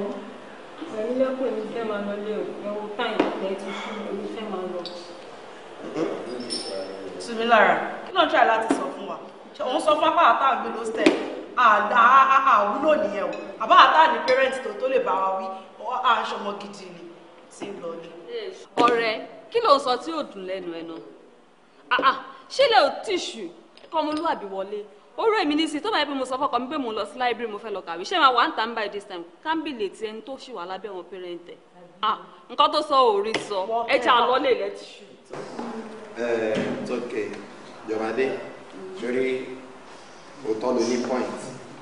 ẹ̀ẹ́dẹ́gbẹ̀kọ̀ ní fẹ́ máa lọ lé o ẹ̀wọ̀n táyì lẹ́ ti fún omi fẹ́ máa lọ. tùmí lára kí ló ń ṣàì láti sọ fún wa òun sọ fún apá àtàwọn gbé ló stẹ̀ àwúlò nìyẹn o àbá àtàwọn ní pẹ́rẹ́ǹtì tó tó lè bá wa wí àṣọmọ gidi ni tí ń lọ ọdún. ọ̀rẹ́ kí ló ń sọ tí ò dùn lẹ́nu ẹ̀ náà ṣílẹ̀ ò tíṣù kọ́mọlúwàbí wọlé ó rò èmi nísìnyí tó bá yẹ pé mo sọ fọkàn mi pé mo lọ sí láìbírì mo fẹ́ lọ kàwé ṣé màá wà ń tà ń báyìí this time kámbìlì ti ẹni tó ṣì wà lábẹ́ wọn parent ẹ̀ ah nǹkan tó sọ ò rí sọ ẹ jẹ́ àlọ́lé ilẹ̀ ti ṣù. ẹ ẹ tókè jọmọdé torí òótọ́ ló ní point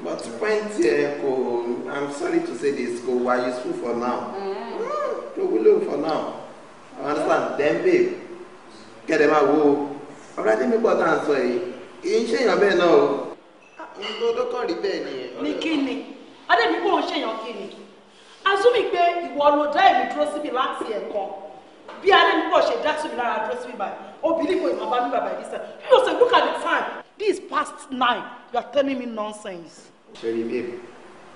but point ẹ kò i'm sorry to say this kò wá useful for now mm. kò wúlò for now i understand dem babe kẹ́dẹ̀ máa wo ọ̀rẹ́dẹ́mi pọ̀ tá à ń sọ yìí èyí ń ṣèyàn bẹ́ẹ̀ náà o nǹkan ah, tó kàn rí bẹ́ẹ̀ ni. ní kí ni adébí kò ń ṣèyàn kí ni azumi pé ìwọ ló dá èmi dúró síbi láti ẹ̀kọ́ bí adébí kò ṣe dá síbi lára dúró síbi báyìí obìnrin kò ìmọ̀ bá mi bàbá ìdí sẹ́yìn you know say look at the time this past nine you are telling me nonsense. ṣeré babe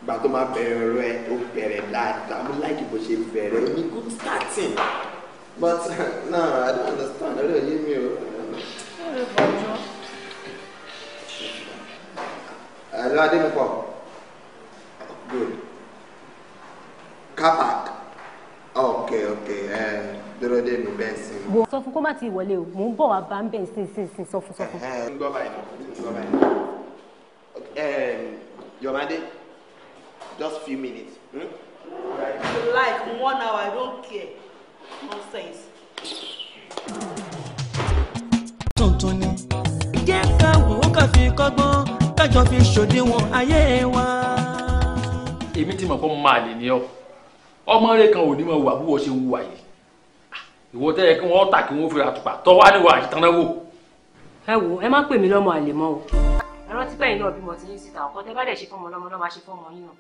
ìgbà tó máa bẹ̀rẹ̀ ọ̀rọ̀ ẹ̀ ó bẹ̀rẹ̀ dáadáa mo láìkí bó ṣe bẹ̀rẹ̀ ó ní good starting but now I don't understand ọ̀rẹ́ òye mi o. ọ̀rẹ́ bọ̀jọ́ ẹ̀rọ eh, adémukọ good car park ok ok ẹ eh, dúró dé mi bẹ́ẹ̀ sí. wo sọ fún kó má ti wọlé o mò ń bọ̀ wá bá ń bẹ̀ ń sìn sìn sìn sọ fún sọ fún. ẹ eh, ẹ gbọ́ báyìí gbọ́ báyìí ẹ Jọmádé just few minutes. Hmm? like one hour i don't care No sense. àjọ fi ṣòdiwọ̀n ayé wa. èmi ti mọ̀ fún máa lè ní ọ ọmọ rẹ kan ò ní mọ̀ wà bí wọ́n ṣe wùwà yìí ìwọ tẹ́ yẹ kí wọ́n tà kí wọ́n fi àtùpà tọ́ wá níwọ̀ àṣetánnáwò. ẹ wo ẹ má pè mí lọ́mọ àlè mọ́ o ẹ rántí bẹ́ẹ̀ náà bímọ tí yín síta ọkọ tẹ́ bá dẹ̀ ṣe fọmọ lọ́mọ lọ́mọ á ṣe fọmọ yín náà.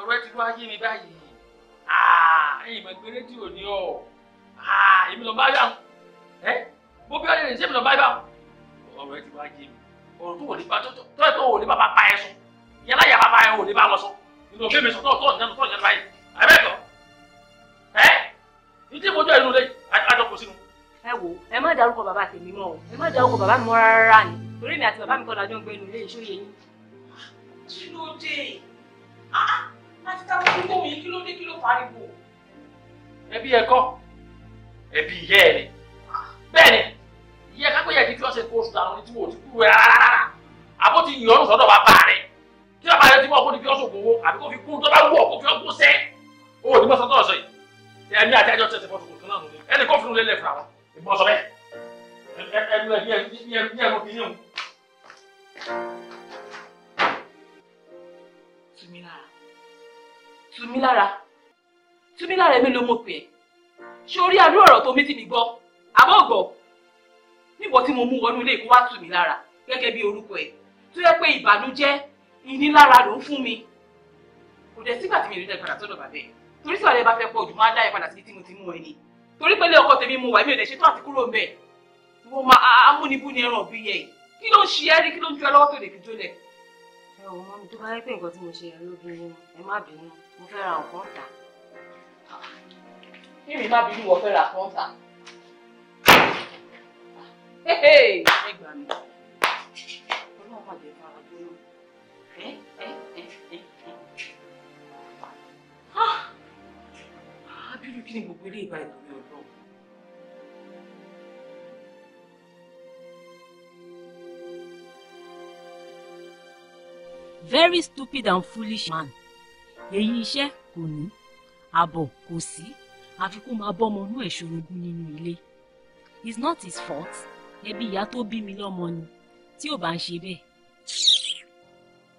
ọ̀rọ̀ ẹ ti lọ ayé mi báyìí ẹ̀yìn mọ̀ rédíò ni ọ̀ èmi lọ bá yà ẹ́ bó ọ̀rẹ́ rẹ̀ ṣé mi lọ bá yà ọ̀rọ̀ ẹ ti lọ ayé mi ọ̀rọ̀ tó bá tó ẹ̀ tó wò ní bàbá pa ẹ sọ ìyá láyà bàbá ẹ wò bá lọ sọ nínú fíìmù sọ tó ìyanu tó ìyanu báyìí àbẹ́ẹ̀kọ́ ẹ ní tí mo jọ ìlú lé àjọkù sínú. ẹ wo ẹ má dárúkọ bàbá tèmi mọ́ o ẹ má dárúkọ bàbá mi mọ́ rárá ni torí mi àti bàbá mi kọ́ lájọ ń gbé inú ilé ìṣó yẹn. kí ló dé àti táwọn tó mi kí ló dé kí ló pariwo. ẹbí ẹkọ ẹbí ìyá ẹ yẹ kápẹ́ yẹ kí tí wọ́n ṣe kó oṣù làwọn tí wọ́n ti kúrò ẹ̀ rárá àbó ti yàn ọ́nù sọ́dọ̀ bàbá rẹ̀ kí bàbá rẹ̀ ti mọ̀ kó ní fi ọ̀ṣọ́ gbowó àbí kó fi kún tó bá wù ọ́ kó fi ọ̀gbọ́n sẹ́ owó ní mọ́sọ́tọ̀ ọ̀ṣọ́ yìí ẹ̀mí àti àjọ tẹ̀sẹ̀ fọ́ṣọ́ kò tún náà nù ẹnì kó fún un lélẹ̀ fún àwa ìbọn sọ bẹ́ẹ̀ ẹnu ẹ̀mí ẹ̀mí ẹ̀mí kì í yẹn o. Tumilara Tumilara Tumilara mi ló mọ̀ pé ṣé orí adúrò ọ̀rọ̀ tó mi ti mi gbọ́ àbọ̀ gbọ́ níwọ tí mo mú wọnú ilé ìkó wá tù mí lára gẹ́gẹ́ bí orúkọ ẹ̀ tó yẹ pé ìbànújẹ́ ìnilára ló ń fún mi kò dẹ̀ sígbà tí mi rí padà sọ́dọ̀ bàbá ẹ̀ torí sọ̀rọ̀ ẹ bá fẹ́ pọ̀ jù máa dá ẹ padà sí tí mo ti mú ẹ ni torí pé ilé ọkọ tèmi mo wà mí ò dẹ̀ ṣe tó àti kúrò ń bẹ̀ ìwọ máa amúnibú ni ẹran òbí yẹ kí ló ń ṣe ẹ́ rí kí ló ń ju ẹ tó lè fi jólẹ̀. ẹ ò mọ mi tó bá yẹ pé nǹkan tí mo ṣe Ah, very stupid and foolish man èyí iṣẹ́ kò ní àbọ̀ kò sí àfikún máa bọ́mọ inú ẹ̀ ṣorogún nínú ilé it's not his fault ẹbí ìyá tó bí mi lọ́mọ ni tí ò bá ń ṣe bẹ́ẹ̀.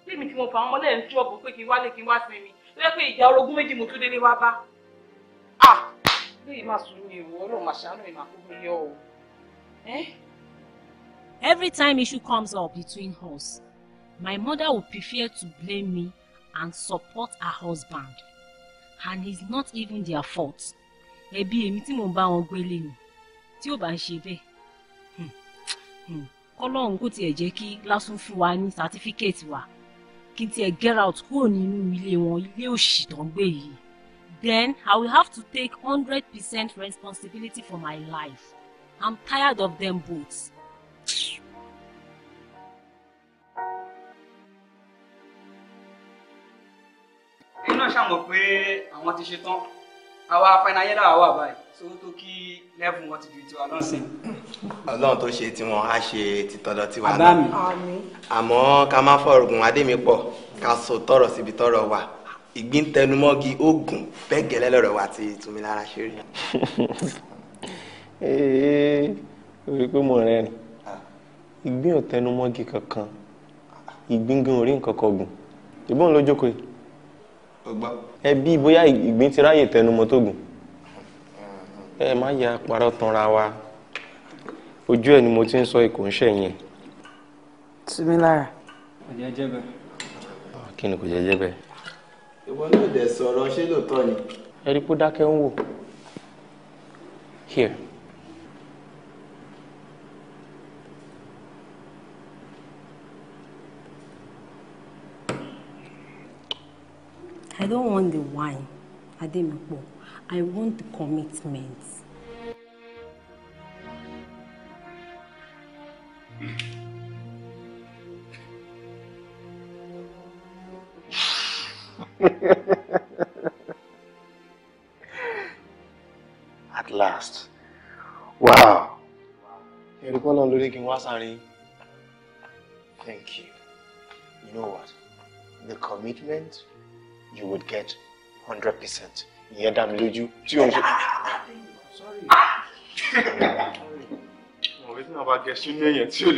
lèmi tí mo fà wọn mọ́lẹ̀ ń ṣọ́ọ̀bù pé kí n wálé kí n wá sinmi lẹ́yìn pé ìjà orogún méjì mo tún délé wá bá. à léyìí máa sùn mí o ọlọ́run máa ṣàánú mi máa kó mi Every time issue comes up between us, my mother would prefer to blame me and support her husband. And it's not even their fault. Ẹbí èmi tí mò ń bá wọn gbélé ni tí ò bá ń ṣe bẹ́ẹ̀ Hmm. kọ́lọ́run kò tiẹ̀ jẹ́ kí lásán fún wa ní sátífíkẹ́ẹ̀tì wa kí n tiẹ̀ get out kúrò nínú ilé wọn ilé òṣì tó ń gbé yìí then I will have to take hundred percent responsibility for my life I'm tired of them both. inú ẹ̀ ṣàmọ̀ pé àwọn ti ṣe tán àwa fainayẹ́lá wà báyìí sówó tó kí lẹ́bùn wọn ti ju tiwa lọ́sìn ọlọ́run tó ṣe tiwọn á ṣe títọ́dọ̀ tiwa náà àmọ́ ká má fọ̀rọ̀gùn adémi pọ̀ ká so tọrọ síbi tọrọ wà ìgbín tẹnumọ́gi oògùn bẹ́ẹ̀ gẹ́lẹ́ lọ́rọ̀ wà tí tumi lára ṣe rí. ee orí pé mo rẹ rìn ah. ìgbín ò tẹnumọ́gi kankan ìgbín gan orí nǹkan kan gùn ìbọn ló jókòó yìí ẹbí bóyá ìgbín ti ráyè tẹnumọ́ tó gùn ẹ má ya parọ́ tanra wa ojú ẹ ni mo ti ń sọ ikò ń ṣẹ̀yìn. tù mí lára. kò jẹ́ jẹ́ bẹ́ẹ̀. kí ni kò jẹ́ jẹ́ bẹ́ẹ̀. ìwọ náà dẹ̀ sọ̀rọ̀ ṣé lóòótọ́ ni. ẹ rí i dákẹ́ ń wò. here. I don't want the wine, Ademipo. I want the commitment. At last. Wow. Ẹ̀rí pọ́nà lórí kí n wá Thank you. You know what? The commitment you would get hundred percent. Ìyẹn dá mi lójú Sorry pé tí wọn bá gẹ sínú I'm. tí ò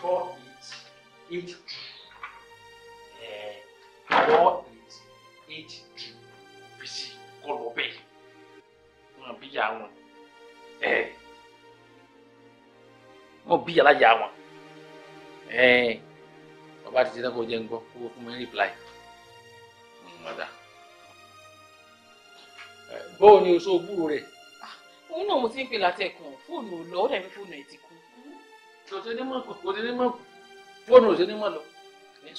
Before it, it wọn bí aláya wọn ẹn ọba ti ti dákọ jẹ ń gbọ́ kó fún mi rìpláì mọdà bóò ni oṣù gbúrò rẹ. òun náà mo ti ń pè látẹ̀kùn fóònù ò lọ ó dàbí fóònù ẹ̀ ti kú. kò sí ní mọ̀ fóònù ò mọ̀ lọ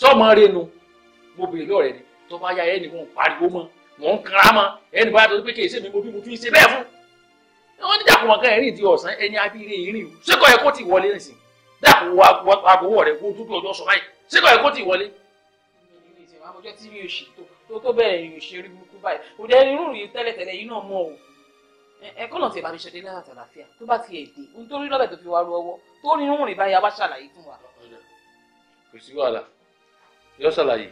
sọ́ọ̀mọ rẹ mo bèrè lọ́rẹ̀ẹ́ ni tó bá ya ẹnì kan pariwo mọ́ mò ń kanra mọ́ ẹnì bá yàtọ̀ pé kì í ṣe mi mo bí mo fi ń ṣe bẹ́ẹ̀ fún dákun wọn kàn ẹ̀rín ti ọ̀sán ẹni abíire ìrìn o ṣé kò yẹ kó ti wọlé nìsín dákun wo agbowó rẹ kó dúdú ọjọ́ sọ báyìí ṣé kò yẹ kó ti wọlé. ọjọ́ tí mi ò ṣe tó tó bẹ́ẹ̀ mi ò ṣe rí burúkú báyìí kò jẹ́ irú yìí tẹ́lẹ̀tẹ́lẹ̀ yìí náà mọ̀ o ẹ̀kọ́ náà ti bá mi ṣe dé lára tàlàfíà tó bá ti èdè nítorí lọ́bẹ̀ tó fi wá ru ọwọ́ tó ní rúnrìn báyìí a wá ṣàlàyé fún wa. kò sí wàhálà yọ ṣàlàyé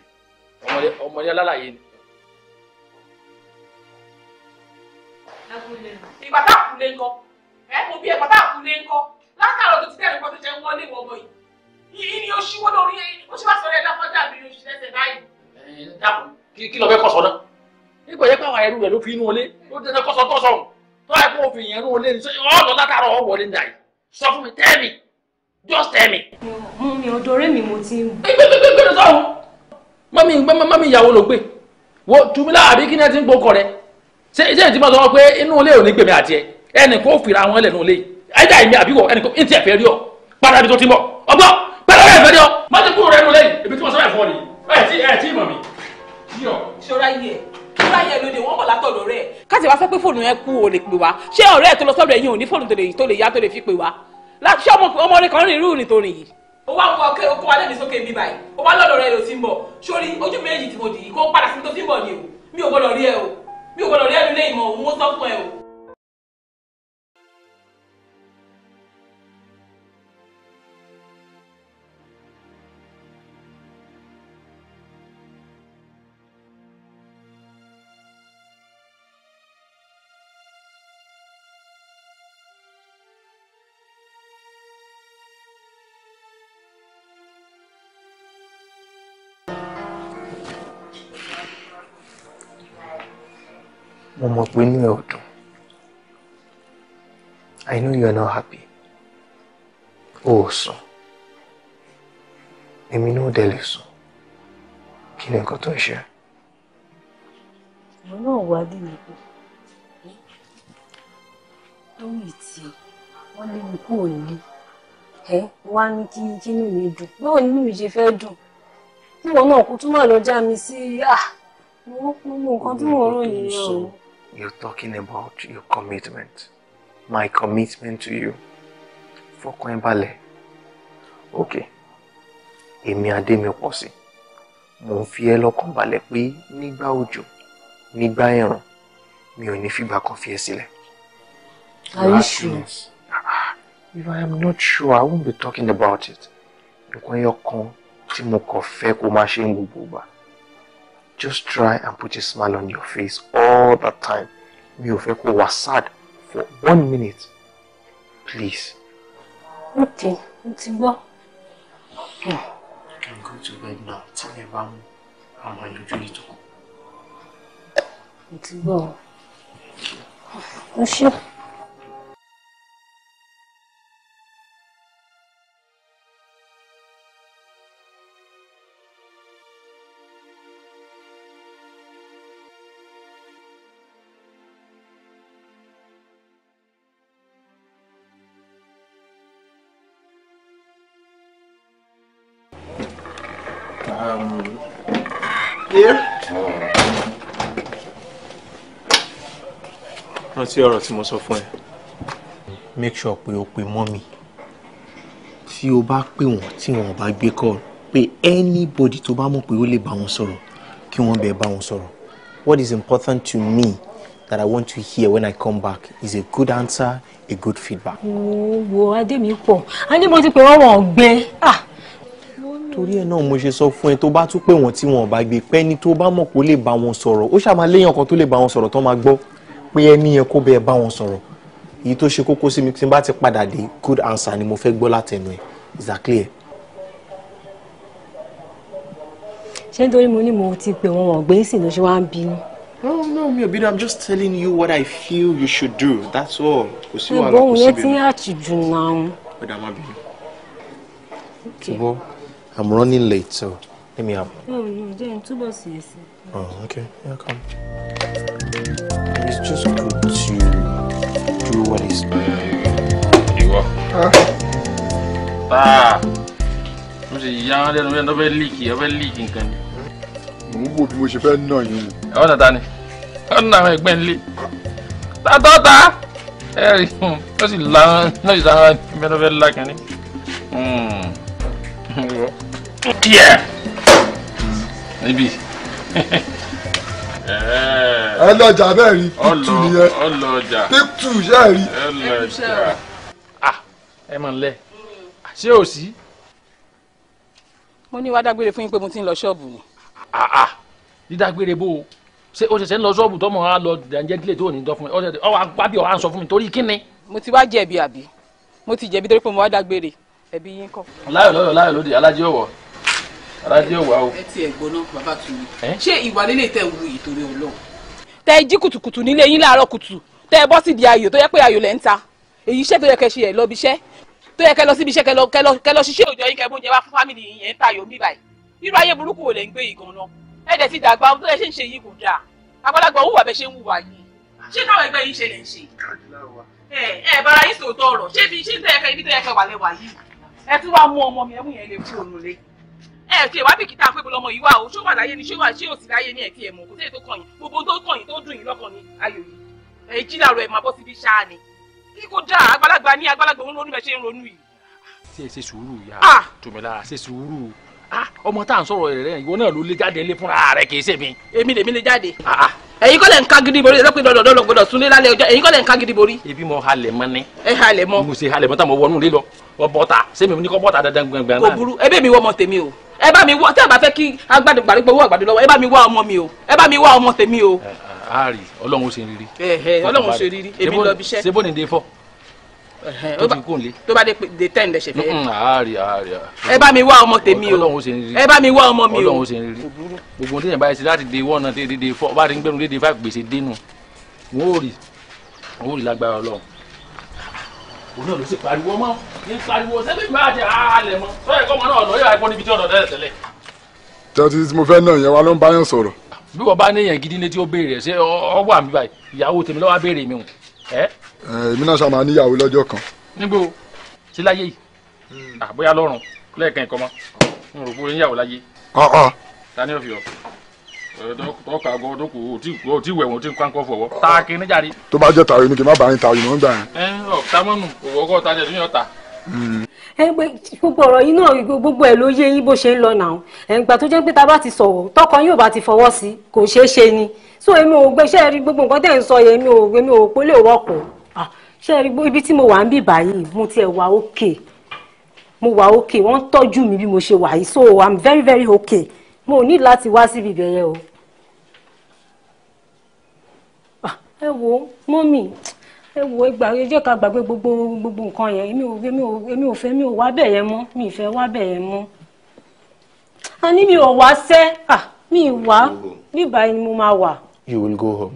ọmọdé ìgbà tá a kú lé ńkọ́ ẹ mo bí ẹgbà tá a kú lé ńkọ́ látàrọ tó ti tẹ̀lé pọ́n tó jẹ́ wọlé wọ́n bọ̀ yìí yìí ni o ṣíwó lórí o ṣíwá sọ̀rọ̀ ẹ̀ lápọ́jà mi o ṣiṣẹ́ tẹ̀ báyìí. ẹ kí lọ fẹ́ kọ̀sọ̀ náà nígbà yẹn káwọn ẹrú rẹ ló fi inú olé ló dé kọ́sọ̀ tó sọ̀rùn tó ẹ kó òfin yẹn inú olé ní ọ̀dọ̀ látàrọ ọ̀ wọlé nígbà yìí sọ fún tell me just tell me. mo mi ọ̀dọ̀ ọ̀rẹ́ mi mo ti ń. gbẹgbẹgbẹgbẹ lọ sọ̀rùn mọ́mí ìyàwó ló gbé wo tùmílà àbí kí ni ẹ ti ń gbókọ̀ rẹ̀ ṣé ṣé ìdí máa sọ pé inú ilé ò ní gbèmí àti ẹ ẹnì kó fìrà àwọn ẹlẹ́nu ilé ẹ̀dá ìmí àbíwọ̀ ẹnì kó ní ti ẹ̀fẹ́ rí ọ padà ibi tó ti mọ̀ ọgbọ́n padà wẹ̀ ẹ̀fẹ́ rí ọ má ti kúrò rẹ́nu lẹ́yìn ibi tí mo sọ́ra ẹ̀fọ́ ni ẹ̀ tí ẹ̀ tí mọ̀ mi. ṣọ́ra yìí ẹ̀ ṣọ́ra yìí ẹ̀ lóde wọ́n bọ̀ látọ̀ lọ́rẹ́ káṣí wa sọ pé fóònù yẹn kú o lè pè wá ṣé ọ̀rẹ́ ẹ̀ tó lọ sọ́dọ̀ ẹ̀yìn ò ní ọkẹ okó wa lẹ́nu sókè mi báyìí ó wá lọ́dọ̀ rẹ ló ti ń bọ̀ sórí ojú méjì tí mo dì í kó padà sí tó ti ń bọ̀ ni o mi ò gbọ́dọ̀ rí ẹ o meu ò gbọdọ̀ rí ẹ̀rí o ìmọ̀ òun o. mo pé inú ẹ ò dùn I know you are not happy o ò sùn èmi náà dẹ̀ lè sùn kí ni nǹkan tó ń ṣe. ìwọ náà wá dé nípò lórí ìtì wọn lé mi kúrò nílé ẹ wá ní kí kí inú mi dùn báwo ni inú mi ṣe fẹ́ dùn ìwọ náà kó tún máa lọ já mi sí ah mo mọ nǹkan tí mò ń ròyìn o. You're talking about your commitment. My commitment to you. Fọkàn ẹ balẹ̀. okay. Èmi adé mi pọ̀ sí. Mo ń fi ẹ́ lọ́kàn balẹ̀ pé nígbà òjò, nígbà ẹ̀rùn, mi ò ní fìgbà kan fi ẹ́ sílẹ̀. Are you sure? If I am not sure, I won't be talking about it. Nǹkan ẹyọ kan tí mo kàn fẹ́ kó máa ṣe ń gbogbo ìgbà just try and put a smile on your face all the time mi ò fẹ́ was sad for one minute please. okay mo ti i'm going to bed now tí mi bá mú àwọn àyànjú yìí it kù. mo ti gbọ́ o ṣé. sí ọ̀rọ̀ tí mo sọ fún ẹ make sure pé o pe mọ́mì tí o bá pè wọ́n tí wọ́n bá gbé call pé anybody to bá mọ̀ pé ó lè bá wọn sọ̀rọ̀ kí wọ́n bẹ̀ bá wọn sọ̀rọ̀ what is important to me that I want to hear when I come back is a good answer a good feedback. wo wo adé mi pọ̀ adé mo ti pè wọ́n wọ́n gbé ah torí ẹ náà mo ṣe sọ fún ẹ tó bá tún pé wọn tí wọn ò bá gbé pẹ́ni tó bá mọ̀ kó lè bá wọn sọ̀rọ̀ ó ṣàmà léyàn kan tó lè bá wọn sọ̀rọ̀ tó máa gbọ́ pé ẹni yẹn kó bẹ́ẹ̀ bá wọn sọ̀rọ̀ èyí tó ṣe kókó sí mi tí n bá ti padà dé good answer ni mo fẹ́ gbọ́ látẹnu ẹ̀ is that clear. ṣé nítorí mo ní mo ti pè wọn wọn gbé sí ló ṣe wá ń bínú. no no mi ò bínú i'm just telling you what i feel you should do that's all kò sí wàhálà kò sí bínú. ìbọn yẹn ti ń àtìjù náà. ọ̀dà má bínú. ṣùgbọ́n i'm running late so let me help. no no jẹ́ túbọ̀ sí ẹsẹ̀. oh okay yeah come it's just good to do what is ìwọ. You mo ṣe yá lẹ́nu yẹn tó fẹ́ líìkì ẹ not líìkì nǹkan ni. mò ń wò bí mo ṣe fẹ́ nà yín. ẹ wọ́n tata ni ẹ ń nà àwọn ẹgbẹ́ nílé tàtọ́ ta ẹ rí hmm, ó sì lára náà sì lára ẹgbẹ́ tó fẹ́ lákàn ni. níbi. 哎。ọlọ́jà bẹ́ẹ̀ rí píktù nìyẹn píktù ṣe rí. ẹ mọ̀ nílẹ̀ ṣé ò sí. mo ní wàá dágbére fún yín pé mo ti ń lọ ṣọ́ọ̀bù ni. dídágbére bó o ṣé o ṣẹ̀ṣẹ̀ ń lọ ṣọ́ọ̀bù tọ́mọ wa lọ dànjẹ́ dílé tó ò ní dán fún mi ọ wá gbábí ọ wá ń sọ fún mi torí kíni. mo ti wá jẹ̀bi àbí mo ti jẹ̀bi torí pé mo wá dágbére ẹbí yín kọ. láyọ̀ lọ́yọ̀ láyọ̀ lóde alájí ọ̀wọ̀ alájí ọ̀wọ̀ o. ẹ ti ẹ̀ gbọ́ náà bàbá tún mi ṣé ìwà lílé tẹ̀ ń wu ìtorí ọlọ́run tẹ jí kùtùkùtù nílé yín láàárọ̀ kùtù tẹ bọ́ sí di ayò tó yẹ pé ayò lẹ ń ta èyí iṣẹ́ tó yẹ kẹ́ ṣe ẹ̀ lọ́bi iṣẹ́ tó yẹ kẹ́ lọ síbi iṣẹ́ kẹ́ lọ kẹ́ lọ ṣiṣẹ́ òjò yín kẹ́ bó jẹ wá fún fámìlì yín yẹn ń ta ayò mí báyìí irú ayé burúkú wo lẹ ń gbé yìí gan-an ẹ dẹ̀ ti dàgbà ohun tó yẹ ṣe ń ṣe yìí kò dáa àgbàlagbà òwúwà bẹ ṣe ń wùwà yìí ṣé táwọn ẹgbẹ́ yìí ṣe lè ṣe ẹ ẹ bára yìí sòótọ́ ọ̀rọ̀ ṣé ibi tó yẹ kẹ́ ibi tó yẹ kẹ́ wà lẹ́wà yìí ẹ tún wá mú ọmọ mi ẹ mú yẹn lè kú òun lé ẹ ti ìwà bìkítà pé bọlọmọ yìí wà o ṣó wà láyé ni ṣé wà ṣé òsì láyé ni ẹ ti ẹ mọ kò sí ètò kàn yín gbogbo tó kàn yín tó dùn yín lọ́kàn ni ayò yìí ẹ jí làrọ ẹ máa bọ́ síbi ṣáà ni kí kò dáa àgbàlagbà ní àgbàlagbà òun ronú bẹ ṣe ń ronú yìí. ṣé ẹ ṣe sùúrù ya ah! tòmílára ṣe sùúrù ah! ọmọ tá à ń sọ̀rọ̀ rẹ̀ ìwọ náà ló lé jáde lé fúnra rẹ̀ kì í ṣe mi. èmi lèmi lè jáde. Ah, ẹ̀yin kọ́ lẹ̀ ń ká gidi borí ẹ̀rọ pé dọ̀dọ̀dọ̀ gbọ́dọ̀ sunlé lálẹ́ ọjọ́ ẹ̀yin kọ́ lẹ̀ gidi borí. ebi mo halẹ̀ mọ́ ní. ẹ halẹ̀ mọ́. mo ṣe halẹ̀ mọ́ tá mo wọnú lé lọ bọ́ta sẹ́mi ní kọ́ bọ́ta dandan gbangba náà. kò burú ẹbí mi wọ́n mọ tèmi o ẹ bá mi wá tí a bá fẹ́ kí agbádùn gbàdúgbò owó àgbàdo lọ́wọ́ ẹ bá mi wá ọmọ mi o ẹ bá mi wá ọmọ tèmi o. àárì ọlọ́run ó ṣe rírí. ọlọ́run ó ṣe rírí èmi lọ bíṣẹ́. ṣé bóni dé fọ́ tó ti kún lé. tó bá dé tẹ́ ǹdẹ̀ ṣe fẹ́. àárì àárì. ẹ bá mi wá ọmọ tèmi o ọlọ́run ó ṣe rírí. ẹ bá mi wá ọmọ mi o ọlọ́run ó ṣe rírí. gbogbo ní ìyàbá yẹn ti láti dé wọ́n náà dé dé fọ́ bá ti ń gbẹ́nu dé dé fáìpì gbèsè dénú wọ́n ò rí wọ́n ò rí lágbára ọlọ́run òun náà ló sì pariwo mọ́ ní pariwo sẹ́bí bá jẹ́ àálẹ̀ mọ́ sọ́yẹ̀ kọ́mọ náà lọ́yọ̀ àìpọ́n níbi tí ọ̀dọ̀ tẹ́lẹ̀ tẹ́lẹ̀. tẹ́tí tí mo fẹ́ náà yẹn wa ló ń bá yàn sọ̀rọ̀. bí wọ́n bá níyàn gidi létí ó béèrè ṣé ọ wà mí báyìí ìyàwó tèmi lọ́wọ́ béèrè mi hùn. Eh, èmi náà ṣàmà níyàwó lọ́jọ́ kan. níbo ṣe láyé yìí hmm, àbóyá lọ́rùn lẹ́ẹ̀kan ìkọ́mọ́ n rò bó níyàwó láyé. Ah, ah. ta ni ó fi ọ tọ́ka gan tó kù ó ti wẹ̀ wọ́n ti kán kọ́ fọwọ́. ta kìíní jáde. tó bá jẹ́ tààrà yìí ni kì í má bàa yín tààrà yìí ń gbà yẹn. ẹ ọ tamọ́nù òwò ọkọ tajà ìdúnyàn ọ̀tà. ẹ gbé gbogbo ọ̀rọ̀ yìí náà gbogbo ẹ̀ ló yé yín bó ṣe ń lọ nàá ẹ̀ ń gbà tó jẹ́ pé ta bá ti sọ̀rọ̀ tọkọ yóò bá ti fọwọ́ sí kò ṣeé ṣe ni so èmi ò gbéṣẹ́ rí gbogbo nǹkan tẹ̀ ń sọ yẹn èmi ò pé lè wọ́pọ̀ ṣe rí ibi tí mo wà ń bì báyìí mo tiẹ̀ wà okay mo wà okay wọ́n tọ́jú mi bí mo ṣe wà yìí so I'm very very okay mo ní láti wá síbi ibẹ̀ o. Ah, ẹ wo mọ́mì ẹ wo ìgbà ẹ ká gbàgbé gbogbo gbogbo nǹkan yẹn èmi ò fẹ́ mi ò wá bẹ̀ mọ́ mi ì wá bẹ̀ mọ́. a ní mi ò wá sẹ́ ah, mi ì wá bíbá ni mo máa wà. You will go home.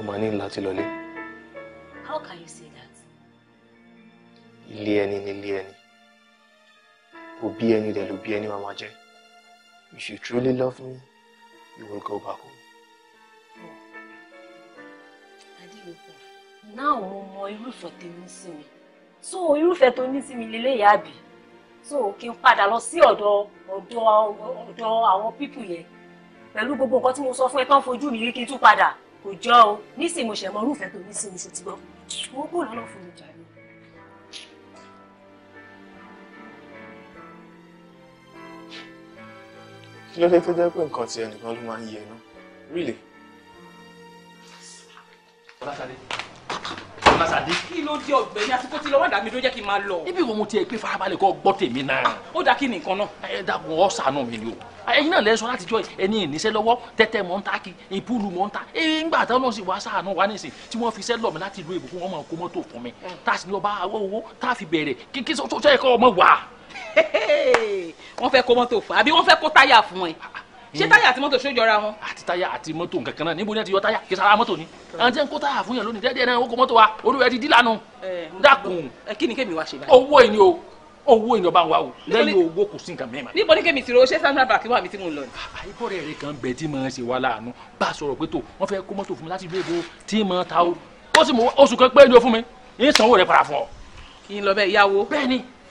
ó máa ní láti lọlé. How can you? ilé ẹni nílé ẹni òbí ẹni rẹ̀ lòbí ẹni máa máa jẹ́ if you truly love me you will go back home. náà mo mọ irúfẹ́ tèmi sí mi so irúfẹ́ tó ní sí mi lélẹ́yà àbí so kí n padà lọ sí ọ̀dọ̀ ọ̀dọ̀ ọ̀dọ̀ àwọn pípù yẹn pẹ̀lú gbogbo nǹkan tí mo sọ fún ẹ tán fojú mi rí kí n tún padà kò jọ o nísìnyí mo ṣẹ̀ mọ irúfẹ́ tó ní sí mi ṣe ti gbọ́ mo kúrò lọ́nà fún mi jàre. kí ló dé tó jẹ́ pé nǹkan ti ẹnìkan ló máa ń yẹ náà really. ọlásàdé ọlásàdé. kí ló dé ọ̀gbẹ́ni àsìkò tí lọ́wọ́ àdàmì ló jẹ́ kí n máa lọ. ibi wo mo ti ẹ pé farabalẹ̀ kọ́ gbọ́ tèmi náà. ó dáa kí nìkan náà. ẹ dàgbọ́n ọ ṣàánú mi ni o ẹ̀yin náà lẹ láti jọ ẹni ìníṣẹ́ lọ́wọ́ tẹ́tẹ́ mọ́ ń ta kí ìpúlù mọ́ ń ta ẹ̀yìn ńgbà táwọn sì wá ṣàánú wa ní tí wọ́n fi iṣẹ́ lọ̀ mí láti ìlú ìbùkún wọn máa kó mọ́tò fún mi mm. tá wọ́n fẹ́ kó mọ́tò fún àbí wọ́n fẹ́ kó táyà fún ẹ ṣé táyà àti mọ́tò ṣojọra wọn. àti táyà àti mọ́tò nǹkan kan náà níbo ni ẹ ti yọ táyà kí sara mọ́tò ni àwọn tí ń kó táyà fún yàn lónìí dẹ́dẹ́ náà wọ́n kó mọ́tò wa olúwa ti dí lánàá dákun. ẹ kí ni kémi wá ṣe báyìí. owó ìní o owó ìní ọba wa o lẹ́yìn owó kò sí nǹkan mẹ́ma. níbo ni kémi ti ro ṣé sandra bank wà mí tí mo lọ ni. àyíkọ́ rẹ̀ rẹ̀ kan bẹ̀ tí màá ṣe wá láàánú bá a sọ̀rọ̀ pé tó wọ́n fẹ́ o ó sì mú oṣù kan para fún ọ. kí n lọ bẹ́ẹ̀ yáwó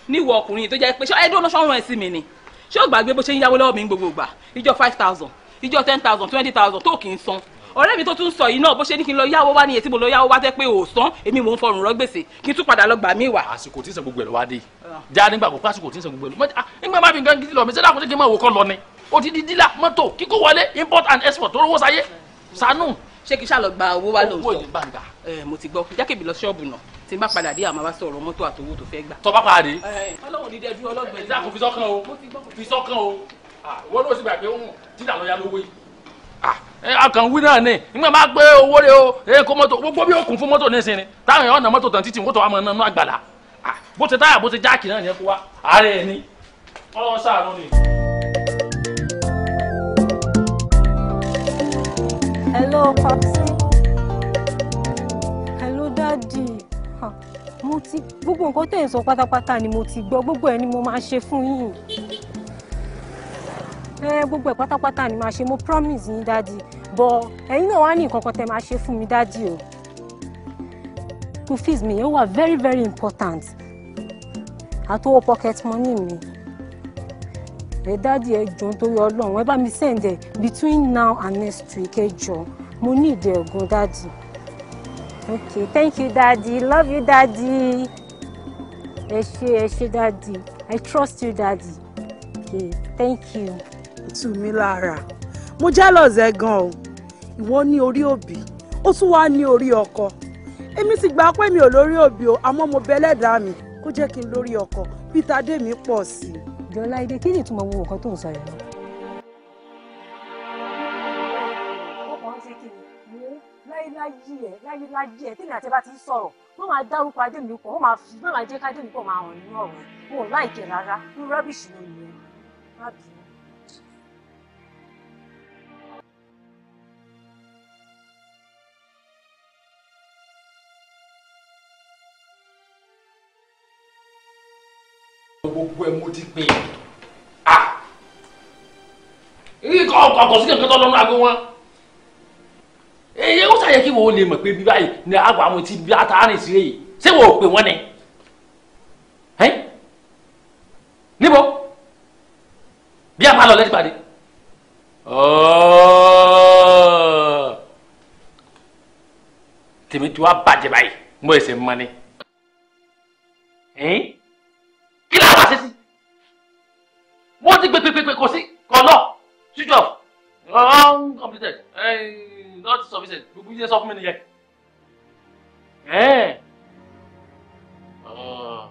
níwọ ọkùnrin tó jẹ́ pé ṣé ẹdún ọlọ́ṣọ́ rán ẹ sí mi ni ṣé ó gbàgbé bó ṣe ń yáwó lọ́wọ́ mi gbogbo gbà ìjọ five thousand ìjọ ten thousand twenty thousand tó kì í san ọ̀rẹ́ mi tó tún sọ yìí náà bó ṣe ní kí n lọ yáwó wá ní etí mo lọ yáwó wá tẹ́ pé òòsàn èmi mò ń fọrùn rọ gbèsè kí n tún padà lọ gbà mí wá. àsìkò tí ń sàn gbogbo ẹ̀ ló wá dé ah. já nígbà kó pásìkò tí ń sàn gbogbo ẹ̀ ló mọ́tà ah, nígbà má fi nǹkan gidi lọ mi sẹ́dá àkọsí kí n máa wò kọ́ lọ ni ó ti di dílà mọ́tò kíkó wọlé import and export tó rówó sáyé sànú. ṣé kí sálọ gba owó wa lóòótọ́ ẹ eh, mo ti gbọ́ jákèbí lọ ṣọ́ọ̀bù náà tí n bá padà dé àmọ́ wá sọ̀rọ̀ mọ́tò àtòwò tó fẹ́ gbà. tọ́ bá padà dé. ọlọ́run ní dẹ́jú ọlọ́gbẹ̀ẹ́. ìjà kò fi sọ́kàn o fi sọ́kàn o wọ́n ló sì gbà pé títà lọ́ọ́ yá lówó yìí. akàn wí náà ni nígbà máa gbé owó rẹ o ee kó mọ́tò gbogbo bí ó fún mọ́tò nísìnyí táwọn èèyàn ọ̀nà mọ́tò tán títì mọ́tò wa máa nanú àgbàlá bó ti táyà bó ti jáàkì náà yẹn kó wa ààrẹ ẹ̀ ni ọlọ́run ṣàánú ni. hello popsi hello daddy mo ti gbogbo nǹkan tẹ̀ ń sọ pátápátá ni mo ti gbọ́ gbogbo ẹ̀ ni mo máa ṣe fún yín ẹ gbogbo ẹ̀ pátápátá ni màá ṣe mo promise yín dáàdi bọ ẹ̀yin náà wá ní nǹkan kan tẹ̀ máa ṣe fún mi dáàdi o school fees mi ó wà very very important àtọwọ́ pocket money mi ẹ dáàdi ẹ jọ nítorí Ọlọ́run ẹ bá mi send ẹ between now and next week ẹ jọ mo ní ìdẹ ọgùn dáàdi. Okay, thank you, Daddy. Love you, Daddy. Ẹ ṣé, Daddy. I trust you, Daddy. Okay, thank you. To mí lára. Mo jealous ẹ gan o. ni ní orí òbí, ó tún wá ní orí ọkọ. Èmi sì gbà mi ò lórí òbí o, àmọ́ mo bẹ́lẹ́dàá mi kó jẹ́ kí n lórí ọkọ. Peter Adémi pọ̀ sí i. Jọlá Ide, kí ni ìtumọ̀ gbogbo nǹkan tó ń sọ láyé ẹ láyé láyé ẹ tẹ́lẹ̀ àti bá ti ń sọ̀rọ̀ wọ́n máa dárúkọ adémilúpọ̀ wọ́n máa fi wọ́n máa jẹ́ kádémilúpọ̀ máa hàn nínú ọ̀rọ̀ wọn ò láìkẹ́ rárá ní rọ́bìṣì ló yẹ má gbogbo ẹ mo ti pè é ah ikọ̀ ọkọ̀ sí kẹ̀kẹ́ tó lọ́nà àgbẹ̀ wọn èyí eh, eh, ó ṣàyẹ kí wo lè mọ̀ pé bí báyìí ni àgbà àwọn tí bí atárìn sí èyí ṣé wò ó pè wọ́n ni níbo bí a máa lọ lẹ́tí pàdé tèmi tí wàá bàjẹ́ báyìí mo ẹsẹ̀ mọ́ ni kí ló wà sísí wọ́n ti gbé pépépé kò sí kọ́ lọ switch off uncompleted. Hey. not sufficient. We will just have Eh? Hey. Oh.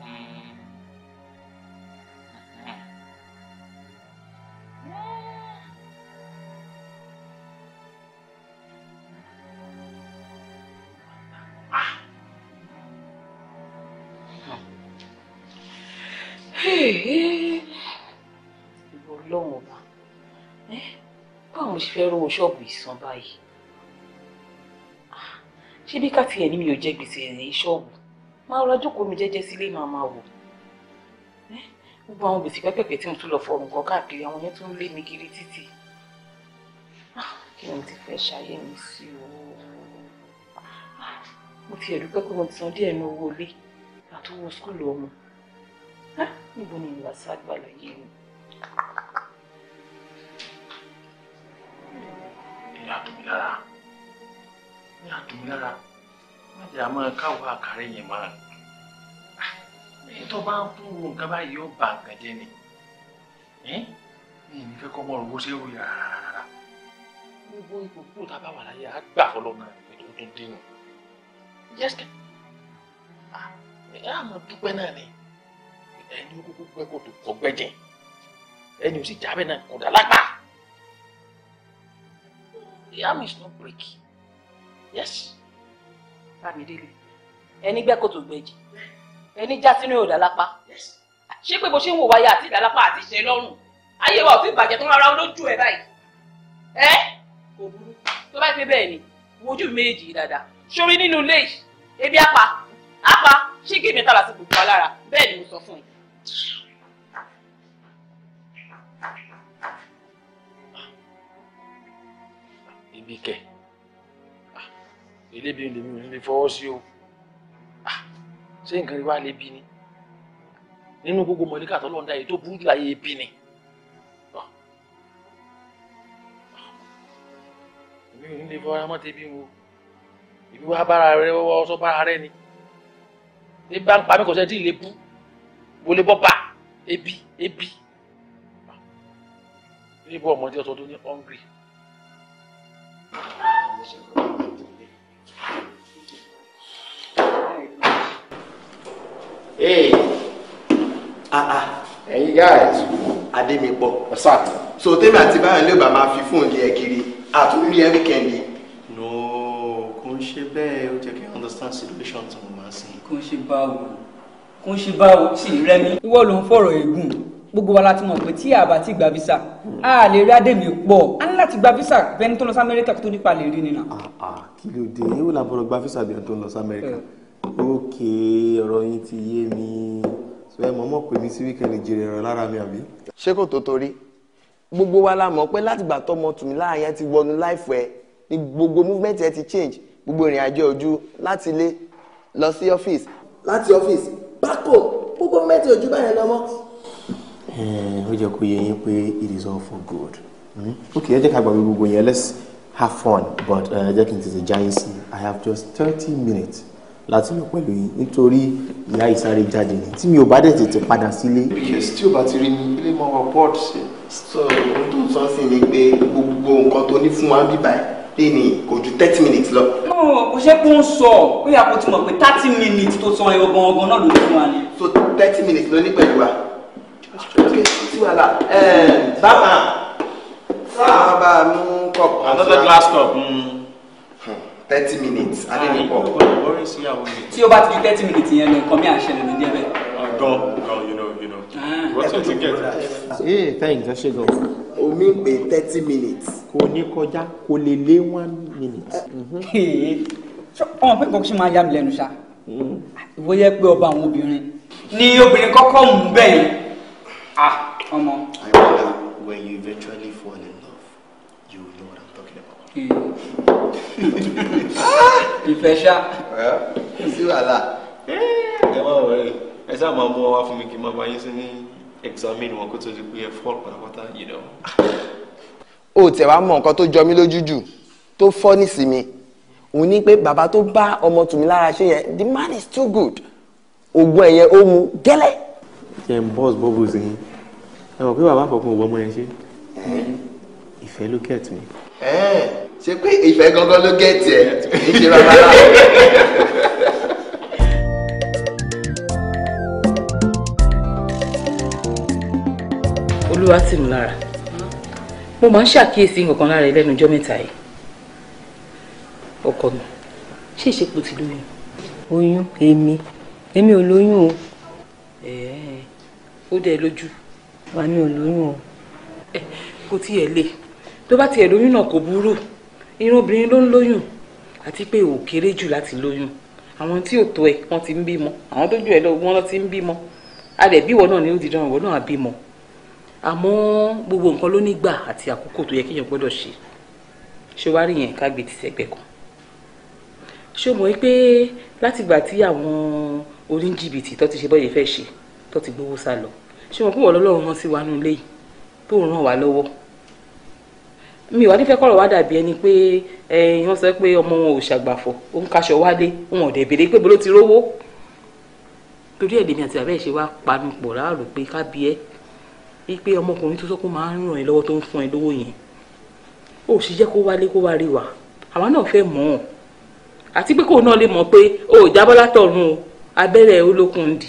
Hmm. Ah. Hmm. Ah. Hmm. fẹ́ rówó ṣọ́ọ̀bù ìsan báyìí ah, ṣé bí káfí ẹ̀ ní mi ò jẹ gbèsè ní ṣọ́ọ̀bù máa rọra jókòó mi jẹ́jẹ́ sílé máa máa wò gbogbo àwọn gbèsè pẹ́pẹ̀pẹ́ tí mo tún lọ fọrùn kan káàkiri àwọn yẹn tún lé mi kiri títì ah, kí ni mo ti fẹ́ ṣayé mi sí o ah, mo fi ẹ̀dúpẹ́ pé mo ti san díẹ̀ ní owó ilé àtọwọ́ skúlù ọmọ níbo ni ìwà sáà ní àdùnmílára ní àdùnmílára má jẹ́ àmọ́ káwọ́ àkàrẹ́ yẹn máa ẹ̀yìn tó bá ń fún un nǹkan báyìí ó bà ni ẹ̀yìn fẹ́ kọ́ mọ́ ọ̀rọ̀ bó ṣe rú yàrá rárá gbogbo ipò kúrò tá a bá wà láyé á gbà fọlọ́kàn ìpè tó tún dínú yẹ́sìkẹ́ ẹ̀ á mọ̀ dúpẹ́ náà ni ẹni ó kúkú gbẹ́ kó tó kọ́ gbẹ́jìn ẹni ò sì jábẹ́ náà kò dá lápá. The arm is not breaking. Yes. Bámidélé, ẹni gbẹ́ kò to gbẹ́jì. Ẹni já sínú ìhòòdà lápá. Ṣé pé bó ṣe ń wò wáyà àti ìdálápá àti ìṣe lọ́rùn? Ayé wa ò fi bàjẹ́ tó ń rárá lójú ẹ̀ báyìí. Ẹ kò burú. Tó bá gbé bẹ́ẹ̀ ni, wojú méjì dáadáa. Ṣorí nínú ilé yìí, ebi á pa, á pa, ṣíkì mi tàbí àti gbogbo wa lára. Bẹ́ẹ̀ ni mo sọ fún ebi kẹ̀ elébi ah, lèmi ò lè fọwọ́ sí o ah, ṣé nǹkan rí wá lè bí ni nínú gbogbo mọ̀lẹ́kà tó lọ́ọ̀dá yìí tó burú jù láyé ebi ni. Ah, èmi ò ní lè fọwọ́ mọ́ tẹ́bí o ìbí wá bára rẹ wọ́ sọ bára rẹ ni ní bá ń pa mí kò sẹ́ni tí ì lè bú wo lè bọ́ pa ebi ebi. ní ibú ọmọdé ọ̀tọ̀ tó ní hungry. Hey, ah ah. Ẹ̀yin guys. Adémipọ̀. Ọ̀sàt. So tèmi àti Báyọ̀ ní ọba máa fi fóònù yẹ kiri àtúndì ẹ̀ wíkẹ́ndì. No, kò ń ṣe bẹ́ẹ̀ ó jẹ́ kí I understand situation tí mo máa ń sìn. Kò ń ṣe báwo, kò ń ṣe báwo, sì rẹ́mi. Ìwọ ló gbogbo wa la ti mọ̀ pé tí a bá ti gba visa a lè rí àdèmí pọ̀ a ní láti gba visa bẹni tó lọ sí amẹ́ríkà tó nípa lè rí nínà. Ah, ah, kí ló dé ewu la bọ̀rọ̀ gba visa bẹni tó lọ sí amẹ́ríkà ókè eh. ọ̀rọ̀ yín ti yé mi sọ ẹ mọ̀ mọ̀ pé mi sí wíkẹ́ndì jèrè ọ̀rọ̀ lára mi àbí. ṣé kò tó torí gbogbo wa la mọ̀ pé látìgbà tọmọ tùmí láàyè ti wọnú láìfọ ẹ ni gbogbo movement ẹ ti change gbogbo ìrìn àjò ojú láti ilé lọ sí ọ́fíìsì. láti ọ́fíìsì bákò gbogbo movement ojú báyẹn lọ Eh, ó jẹ́ kó yẹ yín pé it is all for good hmm? ok ẹ jẹ́ ká gbàgbé gbogbo yẹn let's have fun but eh, ẹ jẹ́ kí n tètè já yín sí i have just thirty minutes láti lọ pẹ̀lú yín nítorí ìyá ìsáré jáde ni tí mi ò bá dẹ̀ tètè padà sílé. yes tí o bá ti rí mi ilé mọ wa ṣe. so ohun tó ń sọ sí ni pé gbogbo nǹkan tó ní fún wa ń bíbá lè ní kò ju thirty minutes lọ. náà kò ṣe kó ń sọ ó yà kó ti mọ̀ pé thirty minutes tó san ẹ̀rọ gan náà ló ní fún wa ni. so thirty minutes ló ní pẹ̀lú wa ok eh, Baba, wàhálà bàbá sáà bá another glass cup. Hmm. Hmm, thirty minutes adéníkọ. Ah, tí o bá ti di thirty minutes yẹn lọ nǹkan mi àṣẹlẹ̀ ló jẹ́ bẹ́ẹ̀. gan ah, gan you know you know. Ah. wọ́n tún eh, thanks I ṣe go. omi ń pè thirty minutes. kò ní kọjá kò lè lé one minute. ọmọ eh. mhm. pé kókó ṣe máa yá mi lẹ́nu ṣá. Mhm. ìwọ yẹ pé ọba àwọn obìnrin ni obìnrin kọ́kọ́ mú bẹ́ẹ̀ yẹn. Ah, ọmọ. I wonder when you eventually fall in love, you will know what I'm talking about. Ah, ìfẹ́ ṣá. Kò sí wàhálà. Eh. Ẹ má wọlé. Ẹ sáà máa mú ọ wá fún mi kí n máa bá yín sí ní examine wọn kó tó di pé ẹ fọ́ pátápátá yìí lọ. O tẹ̀ wá mọ nǹkan tó jọ mí lójú jù tó fọ́ nísìmi. Òun ní pé bàbá tó bá ọmọ tùmí lára ṣe yẹn the man is too good. Ògùn ẹ̀yẹ ó mu gẹ́lẹ́ jẹ́ ń bọ́ọ̀sì bọ́ọ̀bù sí yín ẹ mọ̀ pé bàbá àkọ́kọ́ ò gbọ́mọ yẹn ṣe ìfẹ́ ló kẹ́ẹ̀tì mi. ṣé pé ìfẹ́ gangan ló kẹ́ẹ̀tì ẹ̀ kì í ṣe babaláwo. olúwa tì mí lára mo máa ń ṣàkíyèsí nǹkan lára ẹ lẹ́nu ọjọ́ mẹ́ta yìí ọkọ mi ṣé ìṣepò ti oyún èmi èmi ò lóyún o ó dẹ̀ lójú. wà á mi ò lóyún o. ẹ kò tiẹ̀ lè tó bá tiẹ̀ lóyún náà kò burú irun obìnrin ló ń lóyún àti pé ò kéré jù láti lóyún àwọn tí ò tó ẹ wọn ti ń bímọ àwọn tó jù ẹ lọ wọn lọ ti ń bímọ a dẹ̀ bíwọ náà ní ó di dandan ìwọ náà bímọ àmọ́ gbogbo nǹkan ló nígbà àti àkókò tó yẹ kéèyàn gbọ́dọ̀ ṣe ṣé wàá rí yẹn ká gbé ti sẹ́gbẹ̀ kan ṣé o mọ̀ pé látìgbà tí àwọn oníjìbìtì tó ti ṣe bọ́ọ̀lì fẹ́ ṣe tó ti gbowó sá lọ ṣé wọn kúwọ lọ́lọ́run rán sí wa nù ilé yìí tó ràn wá lọ́wọ́ mi wà nífẹ̀ẹ́ kọ́rọ̀ wá dàbí ẹni pé ẹ̀yin wọ́n sọ pé ọmọ wọn ò ṣàgbàfọ̀ ó ń kaṣọ wálé wọn ò dẹ̀ béèrè pé bolo ti rówó torí ẹ̀dẹ̀mí àti àbẹ́ ìṣe wa panu pọ̀ láàrò pé ká bí ẹ́ wípé ọmọkùnrin tó sọ pé máa ń ràn ẹ́ lọ́wọ́ tó ń fún ẹ lówó yẹn ó sì jẹ́ kó wálé kó wá wa àwa náà fẹ́ mọ̀ ọ́n àti pé kóun náà lè mọ̀ pé o ò jábọ́ látọ̀run o abẹ́rẹ́ olókùn dì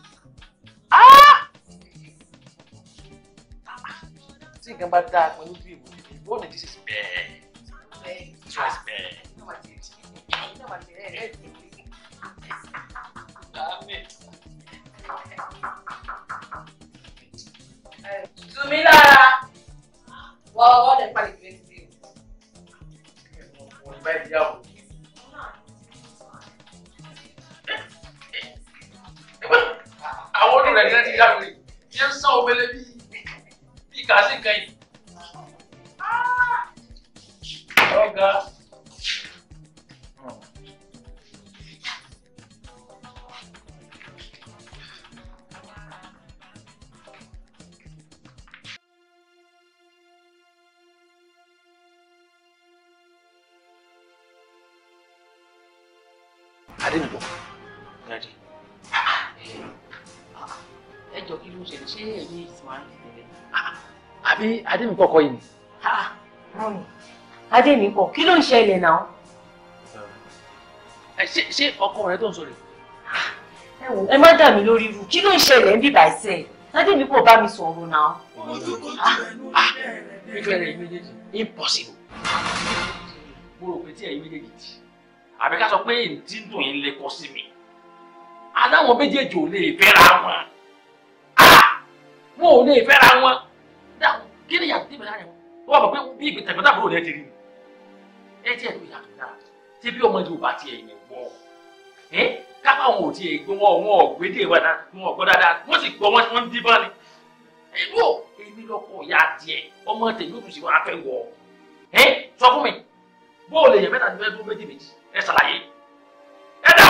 tí nǹkan bá dáa pẹ̀lú bí ìwò dídí bó ní this is bad. this one is bẹ́ẹ̀. tùmí lára wọ́n wọ́n dẹ̀ pàlẹ́ ìgbésí bíi. wọ́n bá ìyàwó. àwọn olùrẹ̀ ní ẹni yàgò yìí yẹn sọ òmìnira bí. classic guy Adémi kọ́kọ́ yìí ni. Mọ́mí, Adémi kọ̀, kí ló ń ṣẹlẹ̀ náà? Ṣé ṣé ọkọ rẹ tó ń sọ̀rọ̀? Ẹ má dà mí lórí irú, kí ló ń ṣẹlẹ̀ ń bíbà ẹsẹ̀? Adémi kò bá mi sọ̀rọ̀ náà. Fífẹ́ ah, rẹ̀ méjèèjì, impossible. Mo rò pé tí ẹ̀yin méjèèjì ti, àbí ká sọ pé ìdí dùn yín lè kọ sí mi. Aláwọn méjèèjì ò lè fẹ́ra wọn. Ah! Wọn ò lè fẹ́ra wọn kí ni yàtọ̀ tẹ̀mí láàrin wọn wọ́n mọ̀ pé bí ìgbé tẹ̀mí dàbúrò rẹ̀ ti rí ni ẹ tiẹ̀ tó yàtọ̀ dára tí bí ọmọ Yorùbá tiẹ̀ yẹn wọ́ ẹ kápá wọn ò tiẹ̀ gbé wọn wọn ọ̀gbẹ́dẹ̀ wọn wọn gbọ́ dáadáa wọ́n sì gbọ́ wọn wọ́n ń dín bá ni ìwọ èmi lọkọ ìyá tiẹ̀ ọmọ tèmi òtún sì wọn afẹ́ wọ̀ ẹ sọ fún mi bóòlù èèyàn mẹ́ta ti fẹ́ dúró méjì méjì ẹ ṣàlàyé ẹ dà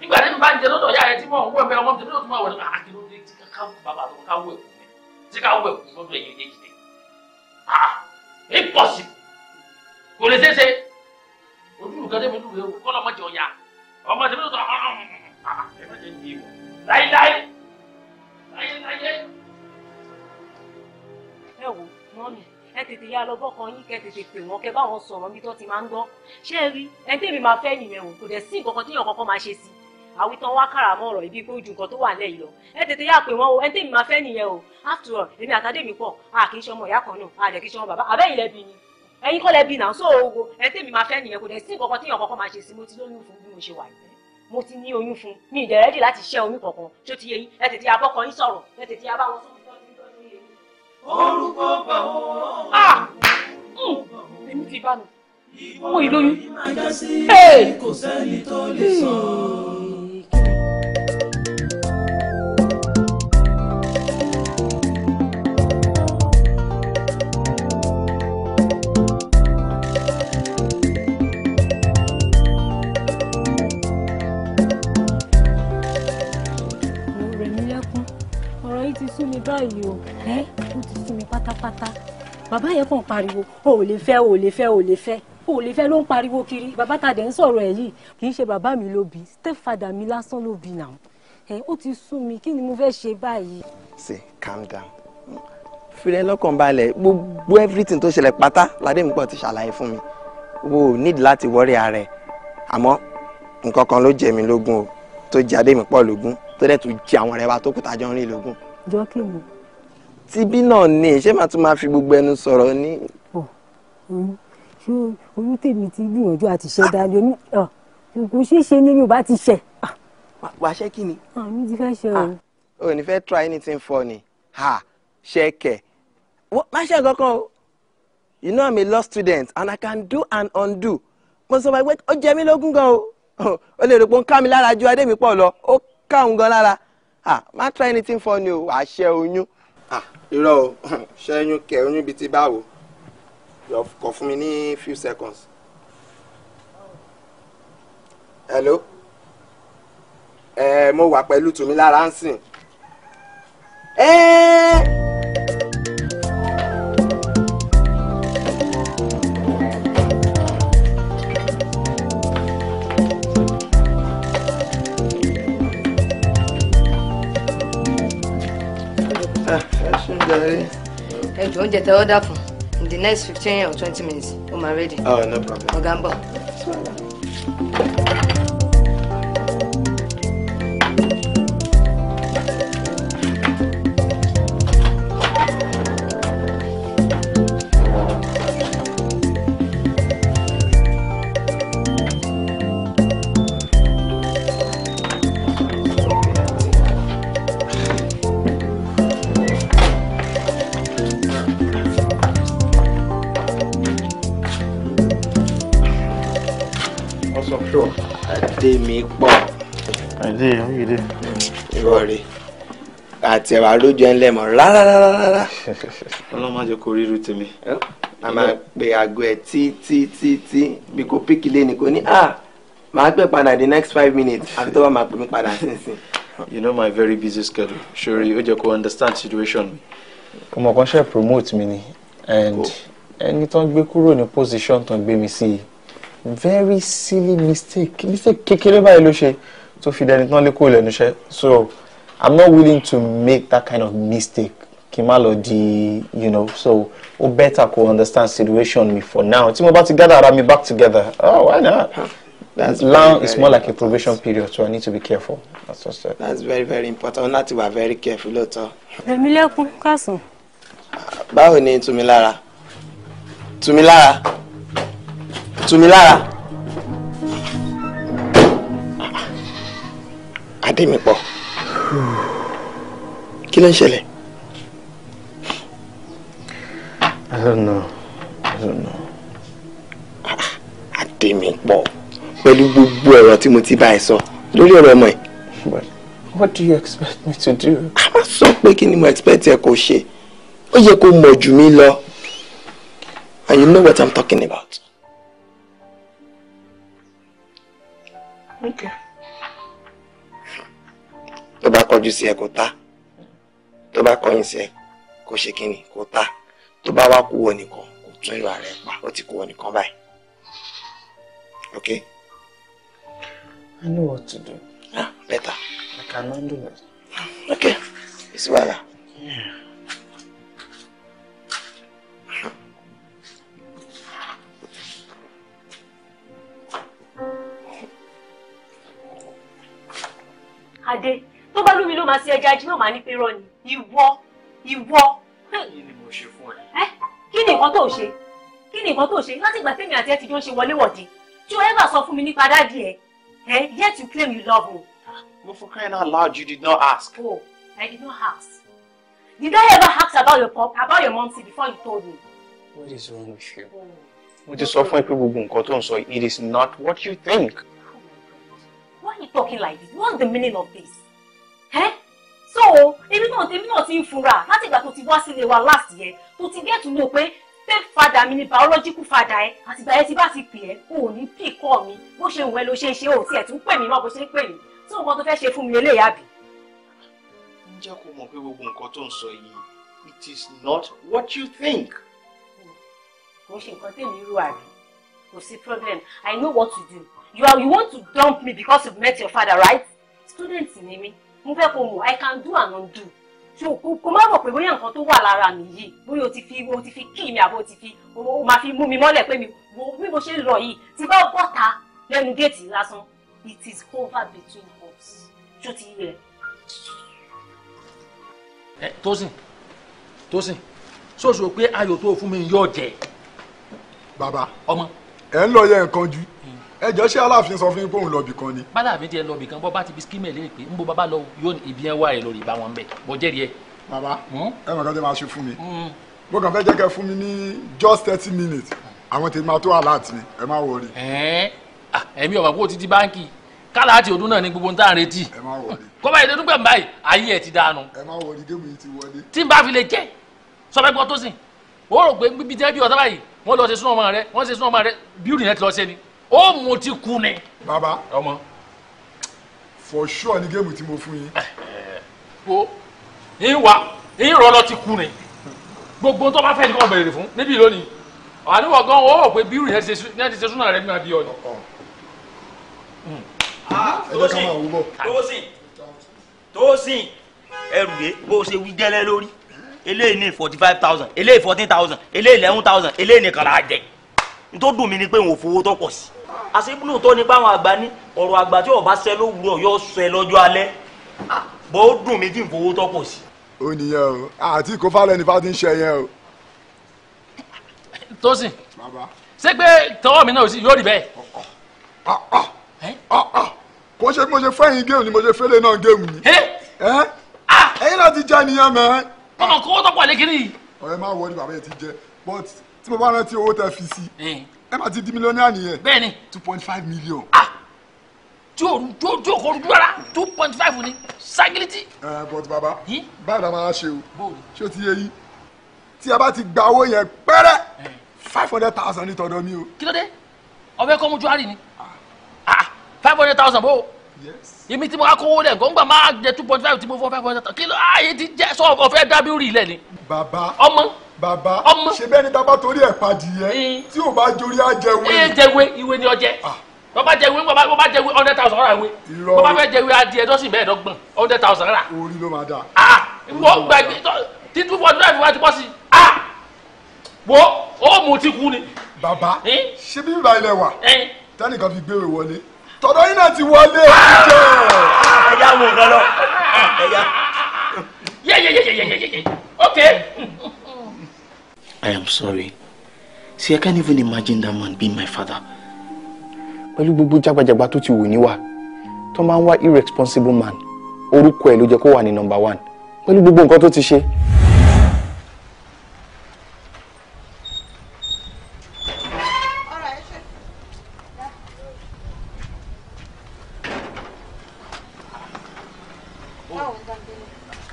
nígbà tí mo bá ń jẹ lọ́dọ̀ ìyá rẹ tí mo tí ká wẹ̀ kú lọ́dọ̀ ẹ̀yìn méjèèjì dé impossible kò lè ṣeéṣe ojú ìlú kẹ́tẹ́ mi lù rẹ̀ kọ́ lọ́mọ jẹ ọ̀yà ọmọ tẹ̀mí lọ́tọ̀ ẹ̀mọ́ jẹ́ ní ìwọ̀ láíláí láíláí. ẹ wo mọ́mì ẹ tètè yá lọ bọ́kàn yín kẹ tètè pè wọ́n kẹ bá wọn sọ̀rọ̀ bí tó ti máa ń gbọ́ ṣé ẹ rí ẹ tèmi máa fẹ́ nìyẹn o kò dẹ̀ sí nǹkan kan tí èèyàn kọ́kọ́ àwítán wá kàrà mọ́ ọ̀rọ̀ ibi pé ojú nǹkan tó wà lẹ́yìn lọ ẹ tètè yá pé wọ́n o ẹni tèmi máa fẹ́ nìyẹn o after all èmi àtàdémi pọ̀ a kì í ṣọmọ ìyá kan náà a dẹ̀ kì í ṣọmọ bàbá àbẹ́yìn lẹ́bi ni ẹ̀yin kọ́ lẹ́bi náà so ogo ẹni tèmi máa fẹ́ nìyẹn kò dẹ̀ sí nǹkan tíyàn kọ́kọ́ máa ṣe sí mo ti lóyún fún bí mo ṣe wà yìí mo ti ní oyún fún mi ìdẹ̀rẹ́dì láti ṣẹ́ oyún kọ̀ọ̀kan tó ti yẹ yín ẹ tètè abọ́kọ yín sọ̀rọ̀ ẹ tètè abá wọn sọ̀rọ̀ orúkọ bá wọn. Ah! Hmm. èmi ti bá nù. mo ìlóyún. kò sẹ́ni tó lè hmm. sọ. sú mi báyìí o ó ti sú mi pátápátá bàbá yẹn kàn pariwo o ò lè fẹ́ o ò lè fẹ́ o ò lè fẹ́ o ò lè fẹ́ ló ń pariwo kiri bàbá ta dẹ̀ ń sọ̀rọ̀ ẹ̀ yìí kì í ṣe bàbá mi ló bí stepfather mi lásán ló bí náà ẹ ó ti sú mi kí ni mo fẹ́ ṣe báyìí. ṣe calm down fìrẹ́ lọ́kàn balẹ̀ gbogbo everything tó ṣẹlẹ̀ pátá ládémípọ̀ ti ṣàlàyé fún mi o need láti wọ́rí ara ẹ̀ àmọ́ nǹkan kan ló jẹ mí lógún o tó jẹ adémípọ̀ lógún tó dẹ̀ tún jẹ àwọn ọ̀rẹ́ wa tó kù tájọ́ ń rìn lógún jọ kí ni. tibí náà ni ṣé màá tún máa fi gbogbo ẹnu sọ̀rọ̀ ni. Hmm. ṣé oyún tèmi ti gbìyànjú àti ah, ṣe dáadé omi kò ṣeéṣe ni mi ò bá ti ṣe. wàá ṣe kí ni. Ah, mi ti fẹ́ ṣe o. Ah, o ò ní fẹ́ try anything funny ha ṣe kẹ̀ má ṣe nǹkan o you know i'm a law student and i can do and undo mo sọ wáyé ó jẹ mí lógún gan o ó lè rò pé ó ń ká mi lára ju adé mi pọ̀ lọ ó ká òun gan lára ah má try anything for ni o àṣẹ oyún. ah irọ́ o ṣẹ́yún kẹ oyún bíi ti báwo yọ kọ fún mi ní few seconds. hello Eh, mo wà pẹ̀lú tùmí lára ń Eh. jàre. ẹ jọ oúnjẹ tẹ ọ́dà fún in the next fifteen or twenty minutes ó máa ready. oh no problem. ọ̀gá ń bọ̀. tèmi pọ̀. ẹdí ìyíde. ìwọ rè àti ẹwà lójú ẹ lẹmọ rárá rárá. ọlọ́run má jẹ́ kó rí irú tèmi. a máa pe aago ẹ tí tí tí tí bí kò píkì lé ní kò ní Ah, màá pè padà the next five minutes àfi tó bá máa pè mí padà sínsìn. you know my very busy schedule sori ó jẹ́ kó understand situation mi. ọmọ kan ṣe promote mi ni and ẹni tó ń gbé kúrò ní position tó ń gbé mi sí i very silly mistake mistake kékeré báyìí ló ṣe tó fi dẹni tán lé kó lẹ́nu iṣẹ́ so i'm not willing to make that kind of mistake kí n má lọ di you know so ó better kó understand situation mi for now tí mo bá ti gather ara mi back together oh why not. That's now very, it's more like a probation period so I need to be careful that's just it. That's very very important láti wà very careful lóòótọ́. Ẹ̀mí lẹ́kún kásán. Báwo ni Tumilara? Tumilara tù mí lára. Adémipọ̀ kí ló ń ṣẹlẹ̀? I don't know. I don't know. Adémipọ̀ pẹ̀lú gbogbo ọ̀rọ̀ tí mo ti bá ẹ sọ lórí ọ̀rọ̀ ọmọ ẹ̀. What do you expect me to do? A máa sọ pé kí ni mo expect ẹ kó ṣe. Ó yẹ kó mọ̀ jù mí lọ. And you know what I'm talking about. tó bá kọjú sí ẹ kó tá tó bá kọyìn sí ẹ kó ṣe kínní kó tá tó bá wá kú wọ nìkan kó tún ìwà rẹ pa ó ti kú wọ nìkan báyìí okay. I know what to do. Ah, better. I can handle it. Okay. It's well. Yeah. dé tó bá lómi ló máa ṣe ẹja jí náà máa ní pé rọ ni ìwọ ìwọ. kí ni mo ṣe fún ẹ. kí ni nǹkan tó ṣe kí ni nǹkan tó ṣe láti ìgbà tèmi àti ẹ ti jọ ṣe wọléwọ̀de tí o ever sọ fún mi nípa dáàdì ẹ ẹ yet you claim you love him. Ah, mo for crying out loud you did not ask. oh I did not ask. Did I ever ask about your pop about your mumsy before you told me. what is wrong with you. Oh. mo ti sọ fún ẹ pé gbogbo nǹkan tó ń sọ it is not what you think you talking like this what's the meaning of this Huh? so èmi náà èmi náà ti ń funra láti ìgbà tó ti wá sílé last year To get to know pé fake father mi ni biological father ẹ àti ìgbà yẹn ti bá ti pè ẹ́ o ò ní pì kọ́ mi bó ṣe wù ẹ́ ló ṣe ń ṣe ò tí ẹ̀ tún pè mí mọ́ bó ṣe ń pè mí tí nǹkan it is not what you think. kò ṣe nǹkan tèmi rú àbí kò problem i know what to do you are you want to dump me because you've met your father right student ni mi mo fẹ́ kó mọ̀ i can do and undo so kò má rò pé bóyá nǹkan tó wà lára mi yìí bóyá o ti fi o ti fi kí mi àbí o ti fi o máa fi mú mi mọ́lẹ̀ pé mi bí mo ṣe ń lọ yìí ti bá bọ́ta lẹ́nu géètì lásán it is over between us tó ti yẹ. ẹ Tósìn Tósìn sóòsò pé ayò tó fún mi yóò jẹ. bàbá ọmọ ẹ ń lọ yẹ nǹkan jù. Hmm ẹ jọ ṣé aláàfin sọ fún yín pé òun lọ bìkan ni. bàdàfin tiẹ̀ lọ bìkan bọ́ bá ti fi skimẹ̀ lé pé nbọ bàbá lọ yóò ibi ẹ wá ẹ lórí ìbá wọn bẹ bọ́ jẹ́rìí ẹ. bàbá hmm? ẹ mọ̀ kán tẹ máa ṣe fún mi hmm. mo kàn fẹ́ jẹ́ kẹ́ fún mi ní just thirty minutes àwọn tèmi máa tó alert mi ẹ má wọrí. ẹ̀mí ọ̀bà kó títí báńkì kálá àti ọdún náà ni gbogbo ń tà ń retí kọ́ba èdè dúpẹ́ ń báyìí ayé ẹ̀ ti dànù. ẹ má wọrí géèmù yìí ti wọlé. tí n bá fi lè jẹ́ sọ́fẹ́ gbọ́ tó sìn ó rò pé bíbí jẹ́ bí ọ̀tá báyìí wọ́n lọ ṣe súnmọ́ ọmọ rẹ wọ́n ṣe súnmọ́ ọmọ rẹ bíúrì náà ti lọ ṣe ni o mu ti kú ni. ọmọ. for sure ni géèmù tí mo fún yín. o yín wá yín rọlọ ti kú ni gbogbo tó bá fẹ́ ni kò béèrè fún níbí lónìí àníwọ̀ gan o wọ̀ pé bírù yẹn ti ṣe súnà rẹ̀ máa bí ni. Oh, oh. hmm. ah, tósìn o ẹrù rèé bó ṣe wí gẹ́lẹ́ lórí eléyìí ní forty five thousand eléyìí fourteen thousand eléyìí eleven thousand eléyìí nìkan dùn mí ni pé n ò fowó tó pọ̀ sí i. àṣìbùnú tó ní báwọn àgbà ní ọ̀rọ̀ àgbà tí ọba ṣẹ lówùúrọ̀ yóò ṣẹ lọ́jọ́ alẹ́ bó ó dùn méjì ń fowó tọ́pọ̀ sí. ó nìyẹn o àti kò fálẹ̀ nípa ti ń ṣe yẹn o. Tósìn ṣé pé tọwọ́ mi náà yóò rí bẹ́ẹ̀. Ah, ah. Ah, kò ṣe bí mo ṣe fẹ́yìn géèmù ni mo ṣe fẹ́lẹ̀ náà géèmù ni. ẹyin náà ti jẹ́ nìyẹn mẹ́. ọmọ kówó tọ́pọ̀ lé kiri. ọ̀rẹ́ máa wọ ni bàbá yẹn ti jẹ but tí mo bá rántí owó tẹ fi sí ẹ máa ti di mílíọ̀nù àníyẹn. bẹ́ẹ̀ni. two point five million. ah tí o tí o tí o kò dúró la two point five ni sagiliti. ẹ but baba báyìí la máa ṣe o ṣé o ti yé yín tí a bá ti gba owó yẹn pẹ́rẹ́ five hundred thousand ní tọ̀dọ̀ mi o. kí ló dé ọbẹ̀ kọ́ mọ́túárì ni ah. Ah, five hundred thousand bó èmi tí mo á kówó lẹ̀ gbọ́ngbà máa jẹ two point five tí mo fọ́ five hundred thousand kí ló ayé ah, ti jẹ́ sọ ọ̀fẹ́ dábìrì lẹ̀ ni. baba ọmọ. Baba, bàbá ṣe bẹ́ẹ̀ ni tábà torí ẹ̀ padìyẹ tí ò bá jorí àjẹwé. ee jẹwé ìwé ni ọjẹ ah. bọ́ bá jẹwé bọ́ bá jẹwé hundred thousand rà wé bọ́ bá fẹ́ jẹwé adìẹ dọ́sìn mẹ́ẹ̀ẹ́dọ́gbọ̀n hundred thousand rà. orí ló máa dà. ah wọ́n gbàgbé títú fún ọdún àìfọwọ́ ti pọ̀ sí i ah wo ó mú ti kú ni. bàbá ṣé bí ìgbà ilẹ̀ wà tẹ́nìkan fi gbé wọlé tọ́dọ̀ yín náà ti wọlé oúnjẹ. Ah, ẹ̀yà wò lọ́lọ́ ah, ẹ̀yà. yẹ́yẹ́yẹ́yẹ́yẹ́yẹ́ ok. I am sorry. See, I can't even imagine that man being my father. Pẹ̀lú gbogbo jágbajàgba tó ti wù níwà, tó máa ń wá irresponsible man, orúkọ ẹ̀ ló jẹ́ kó wà ní number one. Pẹ̀lú gbogbo nǹkan tó ti ṣe.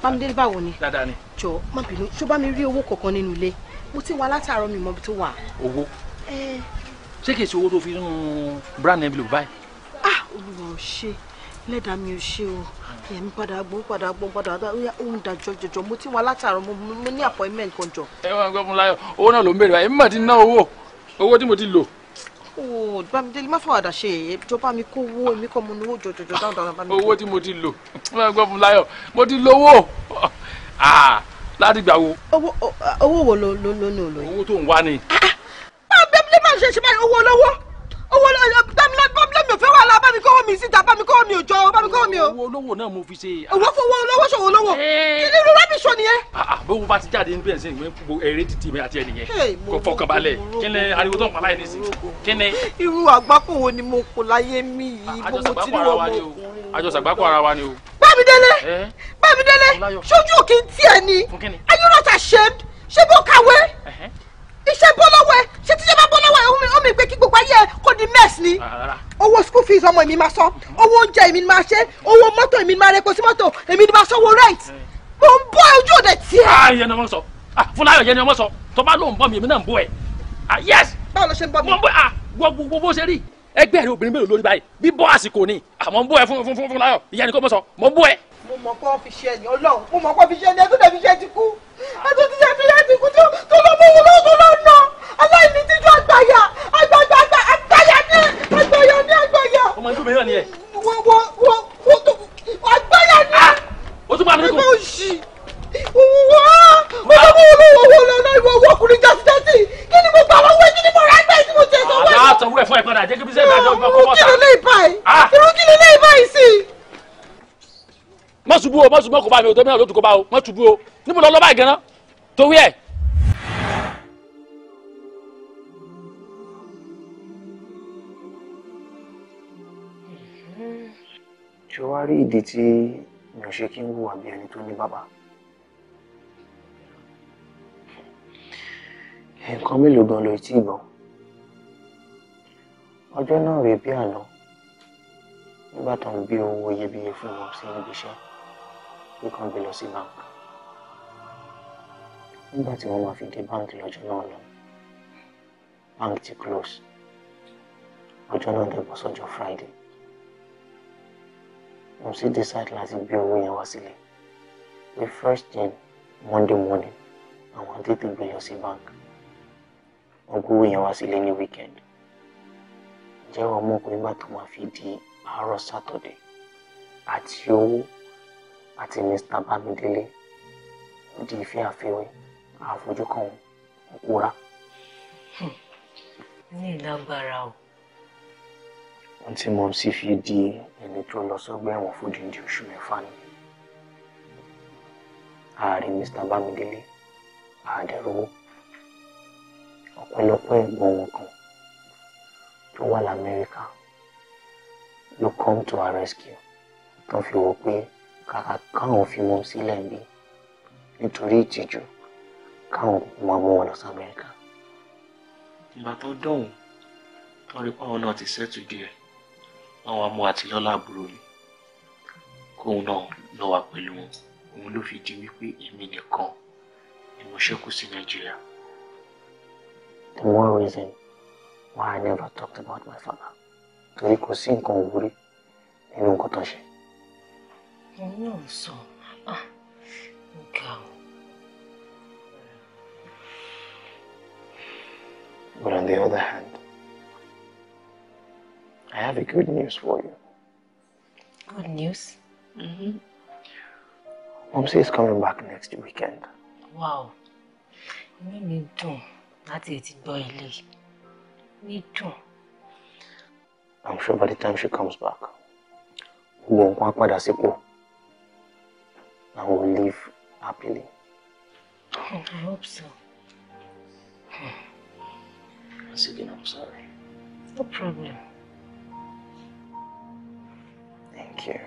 Bámidélé báwo ni? Dáadáa ni. Jọ̀ọ́ má bínú, ṣó bá mi rí owó kankan nínú ilé? mo ti wá látàárọ̀ mi mọ ibi tó wà. owó ṣé kìí ṣe owó tó fi nínú brand envelope báyìí. ah olùwà ò ṣe lẹ́dàá mi ò ṣe o èmi padà gbọ́ padà gbọ́ padà gbọ́ ó ń da jọjọjọ mo ti wá látàárọ̀ mo ní appointment kan jọ. ẹ wọn gbọ́ fún láyọ̀ owó náà ló ń béèrè báyìí èmi mà ti ná owó owó tí mo ti lò. o bámidélé má fọwọ́ àdá ṣe èyí ìjọba mi kó owó èmi kọ́ mo ní owó jọjọjọ dáhùn dáhùn bámidélé. owó tí mo ti lò ẹ wọn gbọ́ fún láyọ̀ mo ti lówó. láti gbà wo. owó owó wo ló ló ló ló. owó tó ń wá ni. máa bẹ bí máa ṣe ṣe máa owó lọ́wọ́ owó lọ́wọ́ dámilá bọ́bílẹ̀ mi ò fẹ́ wà lá bá mi kọ́wọ́ mi síta bá mi kọ́wọ́ mi ò jọ bá mi kọ́wọ́ mi ò. owó olówó náà mo fi ṣe. owó fowó olówó ṣòwò olówó. kíni ló rábì sọ nìyẹn. Ah, ah. bówó bá ti jáde níbẹ̀ sí ìwé gbogbo eré títì mi àti ẹ nìyẹn kò fọkànbalẹ̀ kíni ariwo tó ń pa láyé nísìnyí kíni. irú àgbákò wo ni mo kò láyé mi yìí ah, gbogbo tí ni wọ́n mọ̀ ọkùnrin. àjọṣàgbákò ara wa ni o Bámidélé eh? Bámidélé ṣojú òkè tí ẹ ni are you not ashamed ṣé bó kàwé iṣẹ́ bọ́ lọ́wọ́ ẹ ṣé tíṣẹ́ bá bọ́ lọ́wọ́ ẹ ó mi pé kí gbogbo ayé ẹ di mess ni owó school fees ọmọ mi máa san owó oúnjẹ èmi ni máa ṣe owó mọ́tò èmi ni máa rẹ́pọ̀ sí mọ́tò èmi ni máa sanwó rent eh. mo ń bọ́ ojú òde tiẹ̀. ayé ah, ni ọmọ sọ ah, fúnayọ yẹn ni so? sọ tó bá lóun bọ mi èmi náà ń bọ ẹ ah, yes. báwo ló ṣe ń bọ mi. mo ń bọ gbogbo bó ṣe rí ẹgbẹ́ rẹ obìnrin mélòó lórí báyìí bíbọ́ àsìkò ni àmọ́ ah, ń bú ẹ fún fún fún láyọ̀ ìyá ni kò mọ̀ sọ mọ̀ ń bú ẹ. mo mọ kọ́ fi ṣe ẹni ọlọ́run mo mọ kọ́ fi ṣe ẹni ẹtún tẹ̀fi ṣe ti kú ẹtún ti ṣe fi ṣe ti kú tó lọ mú wọn lọ́wọ́ lọ́ nà aláìní tíjú àgbàyà àgbàgbà àgbàyà ní àgbàyà ní àgbàyà. ọmọ ìlú mìíràn ni ẹ. wọ wọ wọ àgbàyà ní. Ah! ó tún bá mi kú wá ọlọ́wọ́ olówó owó lọ́nà ìwọ owó ọkùnrin jásíjásí kí ni mo gbà lọ́wọ́ ẹ kí ni mo rà gbà tí mo tẹ̀ sọ wẹ́ẹ̀. aláàtọ̀ wẹ̀ fún ẹ̀gbọ́n àjẹkí bí sẹ́yìn àjọ ìgbà kọ́mọ́ta. irú kí ló lè báyìí irú kí ló lè báyìí sí. má ṣubú o má ṣubú ọkọ̀ bá mi ò tó mìíràn lójú kó bá o má ṣubú o níbo lọ́ lọ́ báyìí gan-an torí ẹ̀ ṣe wá rí ìdí tí mi ò ṣe kí n wùwà bí ẹni tó ní bàbá. nǹkan mélòó gan ló ti gbọ́ ọjọ́ náà rèé bí àná nígbà tó ń bí owó iyebíye fún wọn sí ibi iṣẹ́ pé kàn gbé lọ sí báńkì nígbà tí wọ́n máa fi dé báńkì lọ́jọ́ náà lọ báńkì ti close ọjọ́ náà dẹ̀ bọ́ sọ́jọ́ Friday mo sì decide láti gbé owó yẹn wá sílé pé first thing Monday morning àwọn tètè gbé lọ sí báńkì wọ́n gbówó yẹn wá sílé ní weekend jẹ́wọ́ ọmọkùnrin bá tó máa fi di àárọ̀ sátọ̀dẹ̀ àti owó àti mr Bamidele, ó di ìfẹ́ àfẹ́wẹ́ àfojúkàn òkúra. Hmm. ní ìlágbára o. wọ́n ti mọ̀ sí fi di ẹni tó lọ sọ́gbà ẹ̀wọ̀n fódìdí oṣù mẹ́fà ni. ààrẹ mr bámidélé àdẹ̀rọ̀wọ́ ọ̀pọ̀lọpọ̀ ẹ̀gbọ́n wọn kan tó wà lamẹ́ríkà ló come to our rescue tó fi wò pé kàkà káwọn fi mọ́ sílẹ̀ bí nítorí ìtìjú káwọn máa mú wọn lọ sí amẹ́ríkà. ìgbà tó dọ̀hùn tó rí páwọn náà ti ṣẹ́tù díẹ̀ àwọn amú àtìlọ́lá àbúrò ni kóun náà lọ wà pẹ̀lú wọn òun ló fi di wípé èmi nìkan ni mo ṣẹ́kù sí nàìjíríà. the more reason why I never talked about my father. To kò sí nǹkan òwúrí nínú No, sọ, ah, ó But on the other hand, I have a good news for you. Good news? Mm-hmm. Mom says coming back next weekend. Wow. Inú mi láti ti gbọ́ ilé ní dùn. I'm sure by the time she comes back gbogbo nǹkan á padà sípò and we will live happily. Hmm, I hope so. Hmm. I'm sorry. No problem. Thank you.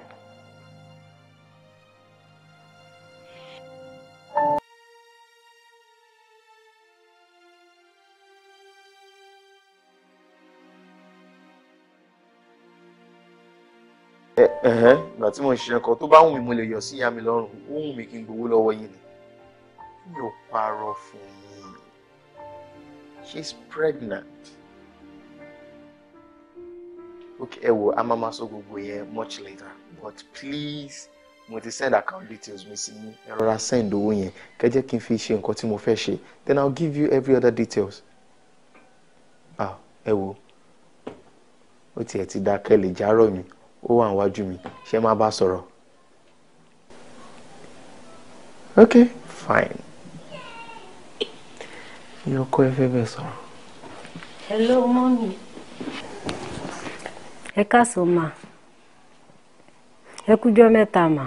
ẹ̀hẹ́ eh, eh, ìgbà tí mo ń ṣiṣẹ́ kan tó bá wùn mí mo lè yọ sí ìyá mi lọ́rùn ó wùn mí kí n gbowó lọ́wọ́ yìí ni mi ò parọ́ fún yín she's pregnant ok ẹ wo a máa ma sọ gbogbo yẹn much later but please mo ti send account details mi sí yín ẹ rọra send owó yẹn kẹ́ jẹ́ kí n fi ṣe nǹkan tí mo fẹ́ ṣe then i will give you every other details ah ẹ wo ó tiẹ̀ ti dákẹ́ lè járọ̀ mi. ó wà níwájú mi ṣé má bá sọ̀rọ̀ ok fine ní ọkọ ẹ fẹ́ bẹ́ẹ̀ hello mọ́mí ẹ káàsán mà ẹ kújọ́ mẹ́ta mà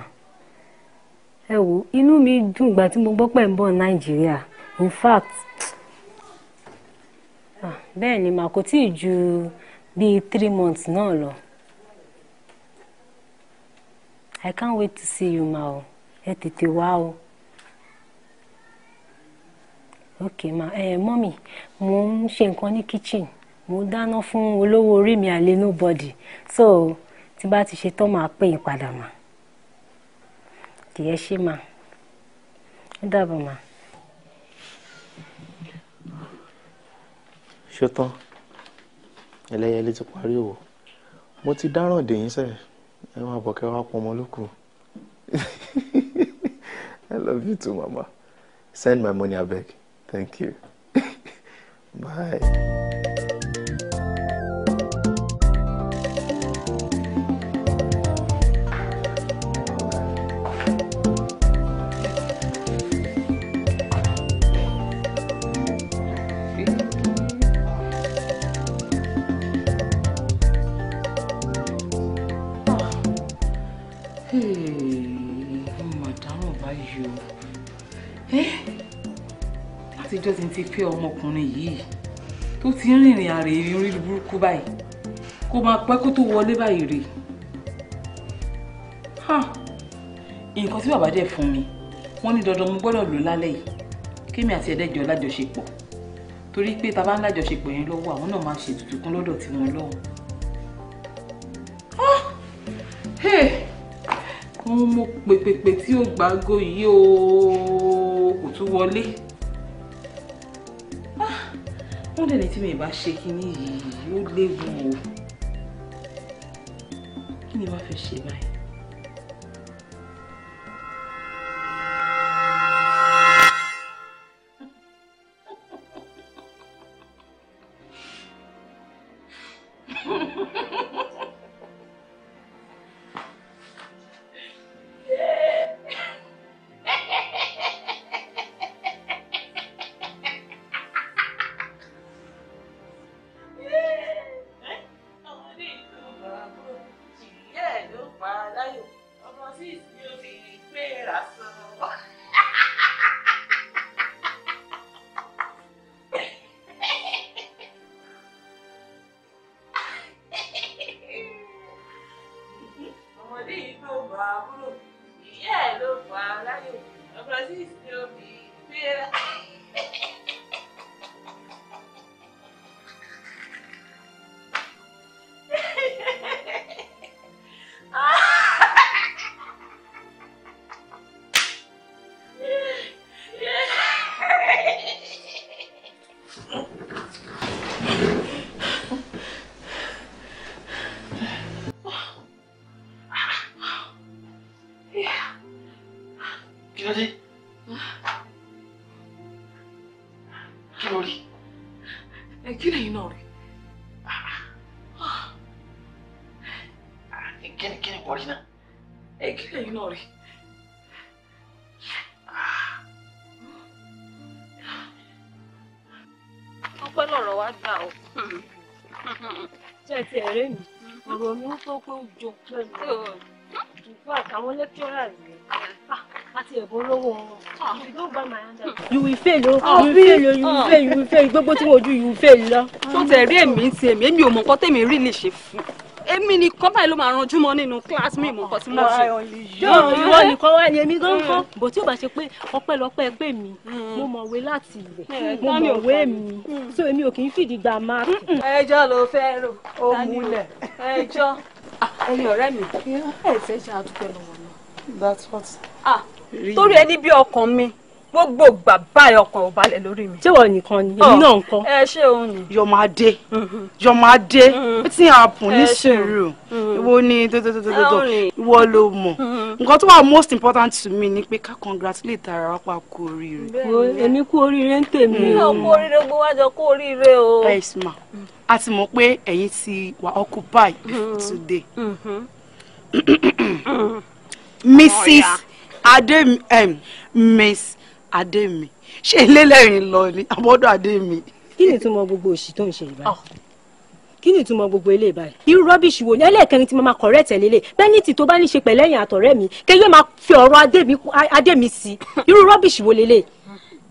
ẹ wò inú mi dùn ìgbà tí mo gbọ́ pẹ̀ ń bọ̀ nàìjíríà in fact ah, bẹ́ẹ̀ ni mà kò tí tíì ju bíi three months náà lọ. I can't wait to see you ma o ẹ Okay, ma eh, mommy, mo ń ṣe nǹkan ní kitchen mo ń dáná fún olówó orí mi àlè nobody so tí bá ti ṣe tán máa pè yín padà mà kì í ṣe mà ó dàbọ̀ mà. ṣetán ẹlẹ́yẹlé ti parí òwò mo ti dáràn dèyín sẹ́yìn ẹ wá bọ̀ kẹ́ wá pọn lóko I love you too mama send my money abeg thank you bye. mo hmm, mà dáràn báyìí o látijọ́ eh? ti ti fẹ́ ọmọkùnrin yìí tó ti ń rìnrìn àrè ìrìn burúkú báyìí kó máa pẹ́ kó tó wọlé báyìí rè nǹkan tí bàbá dẹ̀ fún mi wọ́n ní dandan mo gbọ́dọ̀ lò lálẹ́ yìí kémi àti ẹ̀dẹ́jọ́ lájọṣepọ̀ torí pé ta bá ń lájọṣepọ̀ yẹn lọ́wọ́ àwọn náà máa ṣètùtù kún lọ́dọ̀ tiwọn lọ́hùn òun mo pèpèpè tí ó gbàgò yìí o kò tún wọlé ah, wọ́n dẹ̀ ní tí mi ì bá ṣe kinní yìí ó léwu o kí ni wàá fẹ́ ṣe báyìí. ló bá àbúrò ìyá ẹ̀ ló bá láyò ọ̀pọ̀ sí ìsinmi obì gbéra. You will fail, you will fail, you will fail, wọn you don't buy my underwear. you will fail o you will fail o you will fail you will fail you, tí mo ju you will fail you, tó tẹ̀ rí èmi ti èmi èmi ò mọ̀ nǹkan tèmi rí lè ṣe fún èmi ni kọ́ báyìí ló máa ranjú mọ́ nínú kíláàsì mi ìmọ̀kọ́ tí mo ṣe. ìwọ nìkan wá ni èmi gan kọ́. Mm. bó tí ó bá ṣe pé ọpẹ́lọpẹ́ ẹgbẹ́ mi mm. mo mọ̀wé láti ilẹ̀ mm. mo mọ̀wé mi so èmi ò kì í fìdí gba máàkì. ẹjọ́ ló fẹ́ rò ó múlẹ̀ ẹjọ́. Ah, ẹ̀yin ọ̀rẹ́ mi ẹ fẹ́ ṣe àtúntẹ̀ lọ́wọ́ náà. that's what. Ah, torí ẹni bí ọkàn mi gbogbo gbà báyìí ọkàn ò balẹ̀ lórí mi. jẹ́wọ́ nìkan ni èmi náà ń kọ́. ẹ ṣé òun ni. yọmọdé mm-hmm. yọmọdé mm-hmm. ó ti àpùn ní sùúrù mm-hmm. ìwọ ni tótótótótó ìwọ ló mọ̀ nǹkan tó wà most important to me ni pé ká congratulate ara wa pa kú oríire. èmi kú oríire ń tèmi. mi ò kú oríire gbogbo wájọ kú oríire o. ẹ ìsìnmà a ti mọ̀ pé ẹ̀yin ti wà occupy today. Mrs. Oh, Adé Miss adé mi ṣé ilé lẹ́yìn lọ ni àbọ̀dọ̀ adé mi. kí ni ìtumọ̀ gbogbo òṣì tó ń ṣe ìbáyìí oh. kí ni ìtumọ̀ gbogbo ilé ìbáyìí. irú rọ́bìṣì wo ni ẹlẹ́ẹ̀kẹrin tí mo máa kọ̀rẹ́ tẹ̀lé lè bẹ́ẹ̀nìtì tó bá ní ṣe pẹ̀lẹ́ yẹn àtọ̀rẹ́ mi kéye máa fi ọ̀rọ̀ adé mi sí irú rọ́bìṣì wo lélẹ̀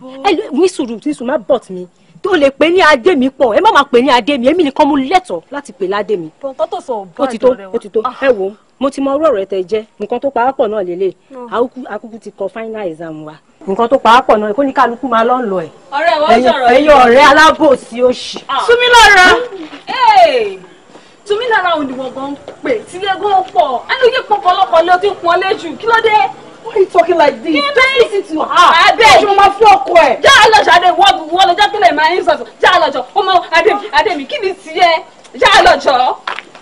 hmm. ẹ ní sùúrù ní sùúrù má bọ̀t mi tó lè pè ní adé mi pọ̀ ẹ má máa pè ní adé mi èmi nìkan mo lẹ́tọ̀ọ́ láti pè ládé mi. tọ́tọ́ tó sọ ọ̀bá àjọ rẹ wá ó ti tó ó ti tó ẹ wo mo ti mọ ọ̀rọ̀ rẹ tẹ jẹ nǹkan tó parapọ̀ náà lélẹ̀ akúkú ti kọ final exam wa nǹkan tó parapọ̀ náà kó ní kálukú máa lọ́ lọ ẹ̀. ọ̀rẹ́ wọ́n sọ̀rọ̀ alábòsí òṣì. Túmílára ah. Túmílára òdìwọ̀n gan pè tí ẹgbẹ́ ó pọ̀ ẹni yìí pọ̀ pọ̀lọpọ̀ ló ti pọ̀ lẹ́jù kí ló dé Why are you talking like this? Give Don't me. listen to her. I beg. Ṣé mo máa fún ọkọ ẹ̀? Jẹ́ àlọ́jọ́ Adé wọ́n wọ́n lọ jákèlè máa ń sọ̀tún. Jẹ́ àlọ́jọ́ ọmọ Adé Adé mi kí ni tiẹ̀? Jẹ́ àlọ́jọ́.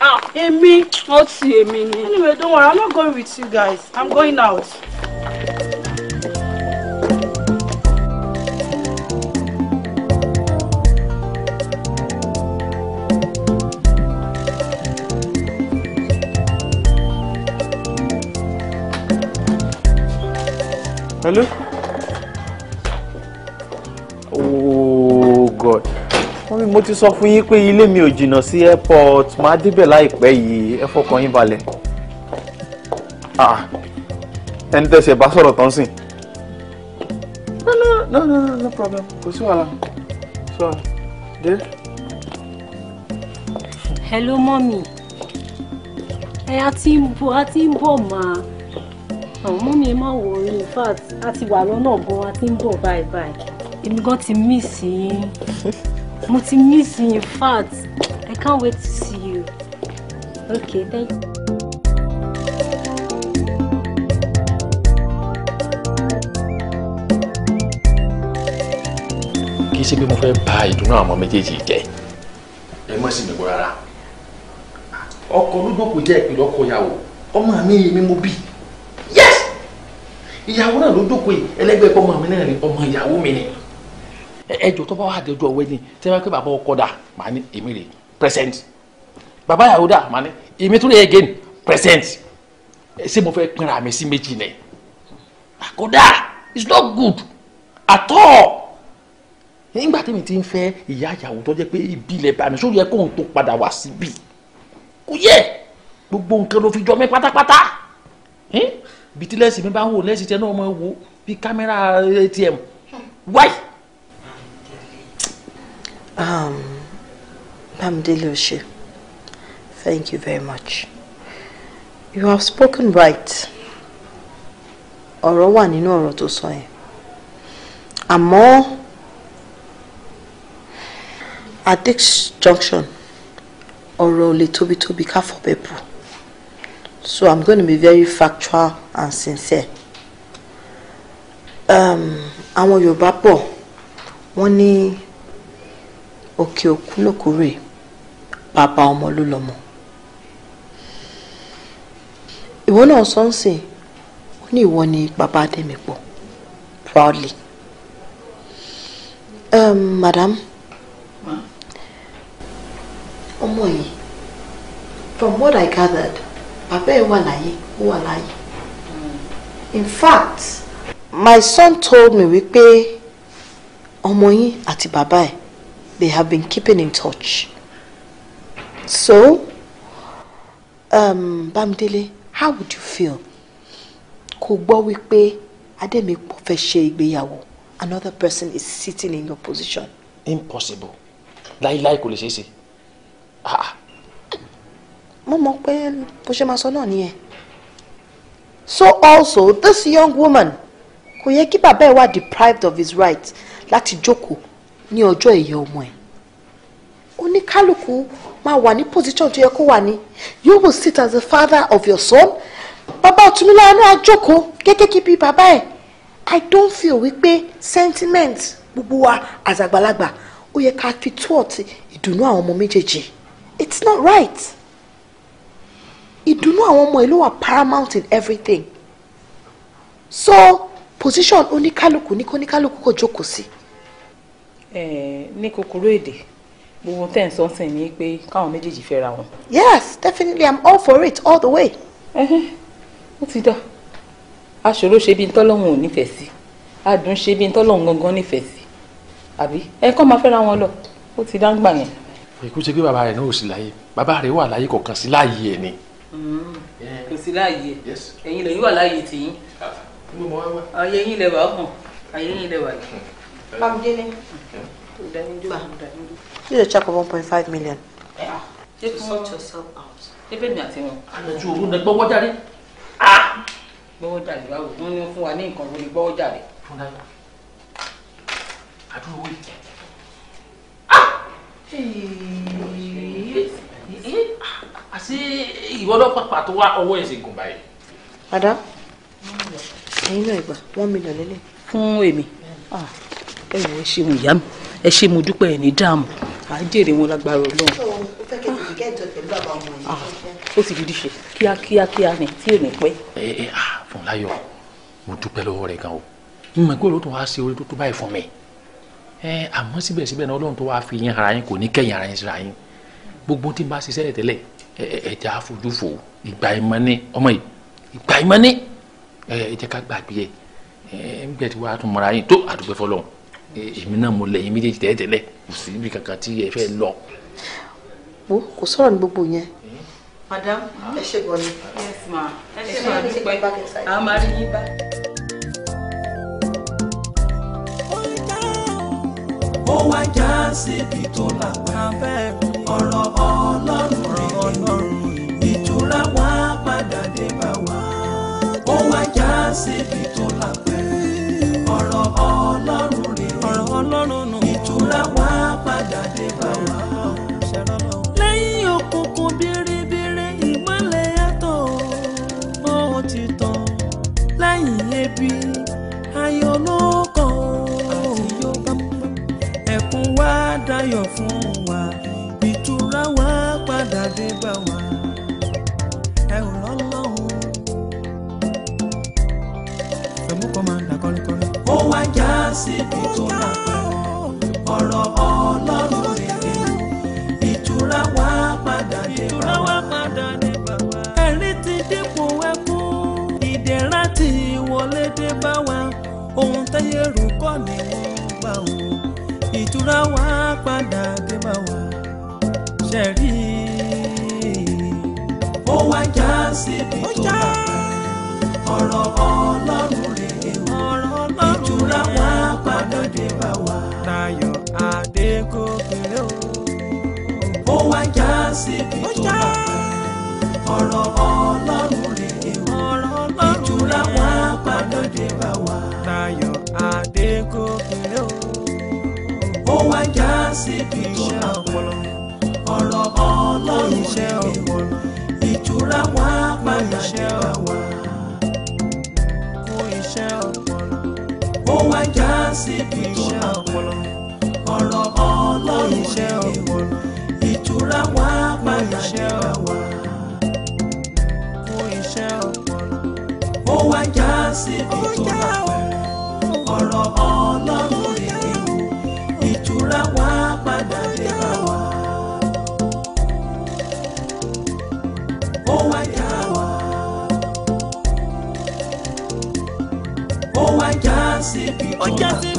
Ah, èmi. Amy. ti èmi ni. Anyway, don't worry, I'm not going with you guys. I'm going out. Hello? Oh God. Mọ́mí mo ti sọ fún yín pé ilé mi ò jìnnà sí airport máa débẹ̀ láìpẹ́ yìí ẹ fọkàn yín balẹ̀. Ah, ẹni tẹ̀sẹ̀ bá sọ̀rọ̀ tán sìn. No no no no no problem kò sí wàhálà kò sí Hello mọ́mí. Ẹ a ti ń bọ̀ a ti ń bọ̀ máa àwọn mọ́ mi má wò ó in fact a ti wà lọ́nà gan a ti ń bọ̀ báyìí báyìí èmi gan ti miss yín mo ti miss yín in I can't wait to see you okay thank you. kì í ṣe pé mo fẹ́ bà ìdùnnú àwọn méjèèjì jẹ́ ẹ mọ̀ sí mi gbọ́ rárá ọkọ olúgbòkú jẹ́ ìpínlẹ̀ ọkọ ìyàwó ọmọ mi mi mo bí ìyàwó náà ló dókòó yìí ẹlẹgbẹ́ ọmọ mi náà rí ọmọ ìyàwó mi ni ẹjọ́ tó bá wà dẹjọ wẹni tẹ bá pé bàbá ọkọ dà màá ní èmi rè present bàbá ìyàwó dà màá ní èmi tún rè again present ṣé mo fẹ́ pinra mi sí méjì ni àkọ́dà it's not good at all nígbà tí mi ti ń fẹ́ ìyá ìyàwó tó jẹ́ pé ibi ilẹ̀ bá mi sórí ẹ kóhun tó padà wá síbi kò gbogbo nǹkan ló fi jọ mí pátápátá. Hm? bìtí lẹ́sì mi bá ń wò lẹ́sì tẹ́ náà mo wò bí kámẹ́rà ATM wáì. Um, Bámidélé o ṣé thank you very much you have spoken right ọ̀rọ̀ wà nínú ọ̀rọ̀ tó sọ yẹn àmọ́ at this junction ọ̀rọ̀ ò lè tóbi tóbi ká fọ̀bẹ bù. So I'm going to be very factual and sincere. Um, àwọn Yorùbá pọ̀ wọ́n ní òkè òkú lókòrè bàbá ọmọ ló lọ́mọ. Ìwọ náà sọ ń sìn ó ní ìwọ ni bàbá Adémipọ̀ proudly. Um, madam ọmọ yìí from what I gathered bàbá ẹ̀ wà láyé ó wà hmm. in fact my son told me wípé ọmọ yín ati Baba. ẹ̀ they have been keeping in touch so um, Bámidélé how would you feel kò gbọ́ wípé Adémípọ̀ fẹ́ ṣe ìgbéyàwó another person is sitting in your position. impossible láíláí kò lè ṣeé ṣe ah mo mọ̀ pé bó ṣe máa sọ náà nìyẹn so also this young woman kò yẹ kí bàbá ẹ wà deprived of his right láti jókòó ní ọjọ́ ìyá ọmọ ẹ̀ oníkálukú máa wà ní position tó yẹ kó wà ní you will sit as the father of your son bàbá Ọ̀túnmíláyọ̀ náà jókòó gẹ́gẹ́ kí bíi bàbá ẹ̀ i don't feel wípé sentiment gbogbo wa as àgbàlagbà ó yẹ ká fi tó ọ̀tí ìdùnnú àwọn ọmọ méjèèjì it's not right ìdùnnú àwọn ọmọ ẹ ló wà paramount in everything so position oníkálukú ní kóníkálukú kò jókòó sí. ẹ ní kúkúrú èdè gbogbo tẹ́ ń sọ sìn ní pé káwọn méjèèjì fẹ́ra wọn. yes definitely i'm all for it all the way. ó ti dá aṣòro ṣe bí ntọ́lọ́hún ò nífẹ̀ẹ́ sí adùn ṣe bí ntọ́lọ́hún gangan nífẹ̀ẹ́ sí àbí ẹ kọ́ máa fẹ́ra wọn lọ ó ti dá ń gbà yẹn. èkó ṣe pé bàbá rẹ̀ náà ò sí láyé bàbá rẹ̀ wà láyé kọ̀ọ̀kan sí láàyè ẹ̀ ni. Mm. kò sí láàyè ẹ̀yin lẹ́yìn wà láàyè tìyín ah, ayé yín lẹ́wà hàn ayé yín lẹ́wà yìí. pamdele gba you dey check for one point five million. Eh, ah. ṣé kí wọ́n jọ sell out. ebe mi àti wọn. àjọjú òru ni gbọ́wọ́ jáde. Ah! gbọ́wọ́ jáde báwo wọ́n ní fún wa ní nǹkan lórí gbọ́wọ́ jáde. fúnra àdúró wẹ̀ àti ìwọ́dọ̀ pàpà tó wá ọwọ́ ẹ̀ ṣe gùn báyìí. padà ẹ̀yin náà ìgbà wọ́n mi lọ lélẹ̀. fún èmi ah, ah, ẹ wò ẹ ṣeun ìyá mi ẹ ṣe mo dúpẹ́ ẹ̀ ní dáàmú à ń jèrè wọn lágbára ọlọ́run. Ah, ó ti dídí ṣe kíákíá kíá ni tí ò ní pẹ́. ẹ ẹ Fúnláyọ̀ mo dúpẹ́ lọ́wọ́ rẹ̀ gan o mo mọ̀ pé olóòtú wa ṣe orí tó tó báyìí fún mi ẹ àmọ́ síbẹ̀síbẹ̀ náà ọlọ́run tó wá fi yín ara yín kò ní kẹ́yìn ara yín síra yín gbogbo tí n bá ṣiṣẹ́ tẹ́lẹ̀ ẹ̀jẹ̀ àfojúfò ìgbà ìmọ̀ ni ọmọ yìí ìgbà ìmọ̀ ni ẹ̀jẹ̀ ká gbàgbé ẹ̀ ẹ̀ ń gbẹ̀ tí wàá tún mọ́ra yín tó àdúgbò fọlọ́run èmi náà mo lẹ́yìn méjèèjì tẹ́lẹ̀tẹ́lẹ̀ kò sí ibi kankan tí ẹ fẹ́ lọ. wo kò sọ̀rọ̀ ní gbogbo yẹn. madam ẹ ṣe gbọ́n yes ma ẹ ṣe máa dúpẹ́ a máa rí yín bá. ó wá já síbi tó làwọn ọ̀rọ̀ ọlọ́run rèé ìtura wá padà dé bá wa ó wá já síbi tó lápẹ́ ọ̀rọ̀ ọlọ́run rèé ìtura wá padà dé bá wa. lẹ́yìn òkùnkùn biribiri ìmọ́lẹ̀ yàtọ̀ mọ́ òtítọ́ lẹ́yìn ebi ayọ̀ ló kàn ẹkún wá dayọ̀ fún dẹ̀ rí ó wá já síbi tó bá ọ̀rọ̀ ọlọ́run rèé o ìtura wá padà dé bá wa. Táyọ̀ Adékòkèrè o. ó wá já síbi tó bá ọ̀rọ̀ ọlọ́run rèé o ìtura wá padà dé bá wa. Táyọ̀ Adékòkèrè o. ó wá já síbi tó bá wa iṣẹ́ ọwọ́ ìtura wa padà dé bá wa. kó iṣẹ́ ọpọlọ. ó wá já síbi tó náà pẹ́. Oh, yes.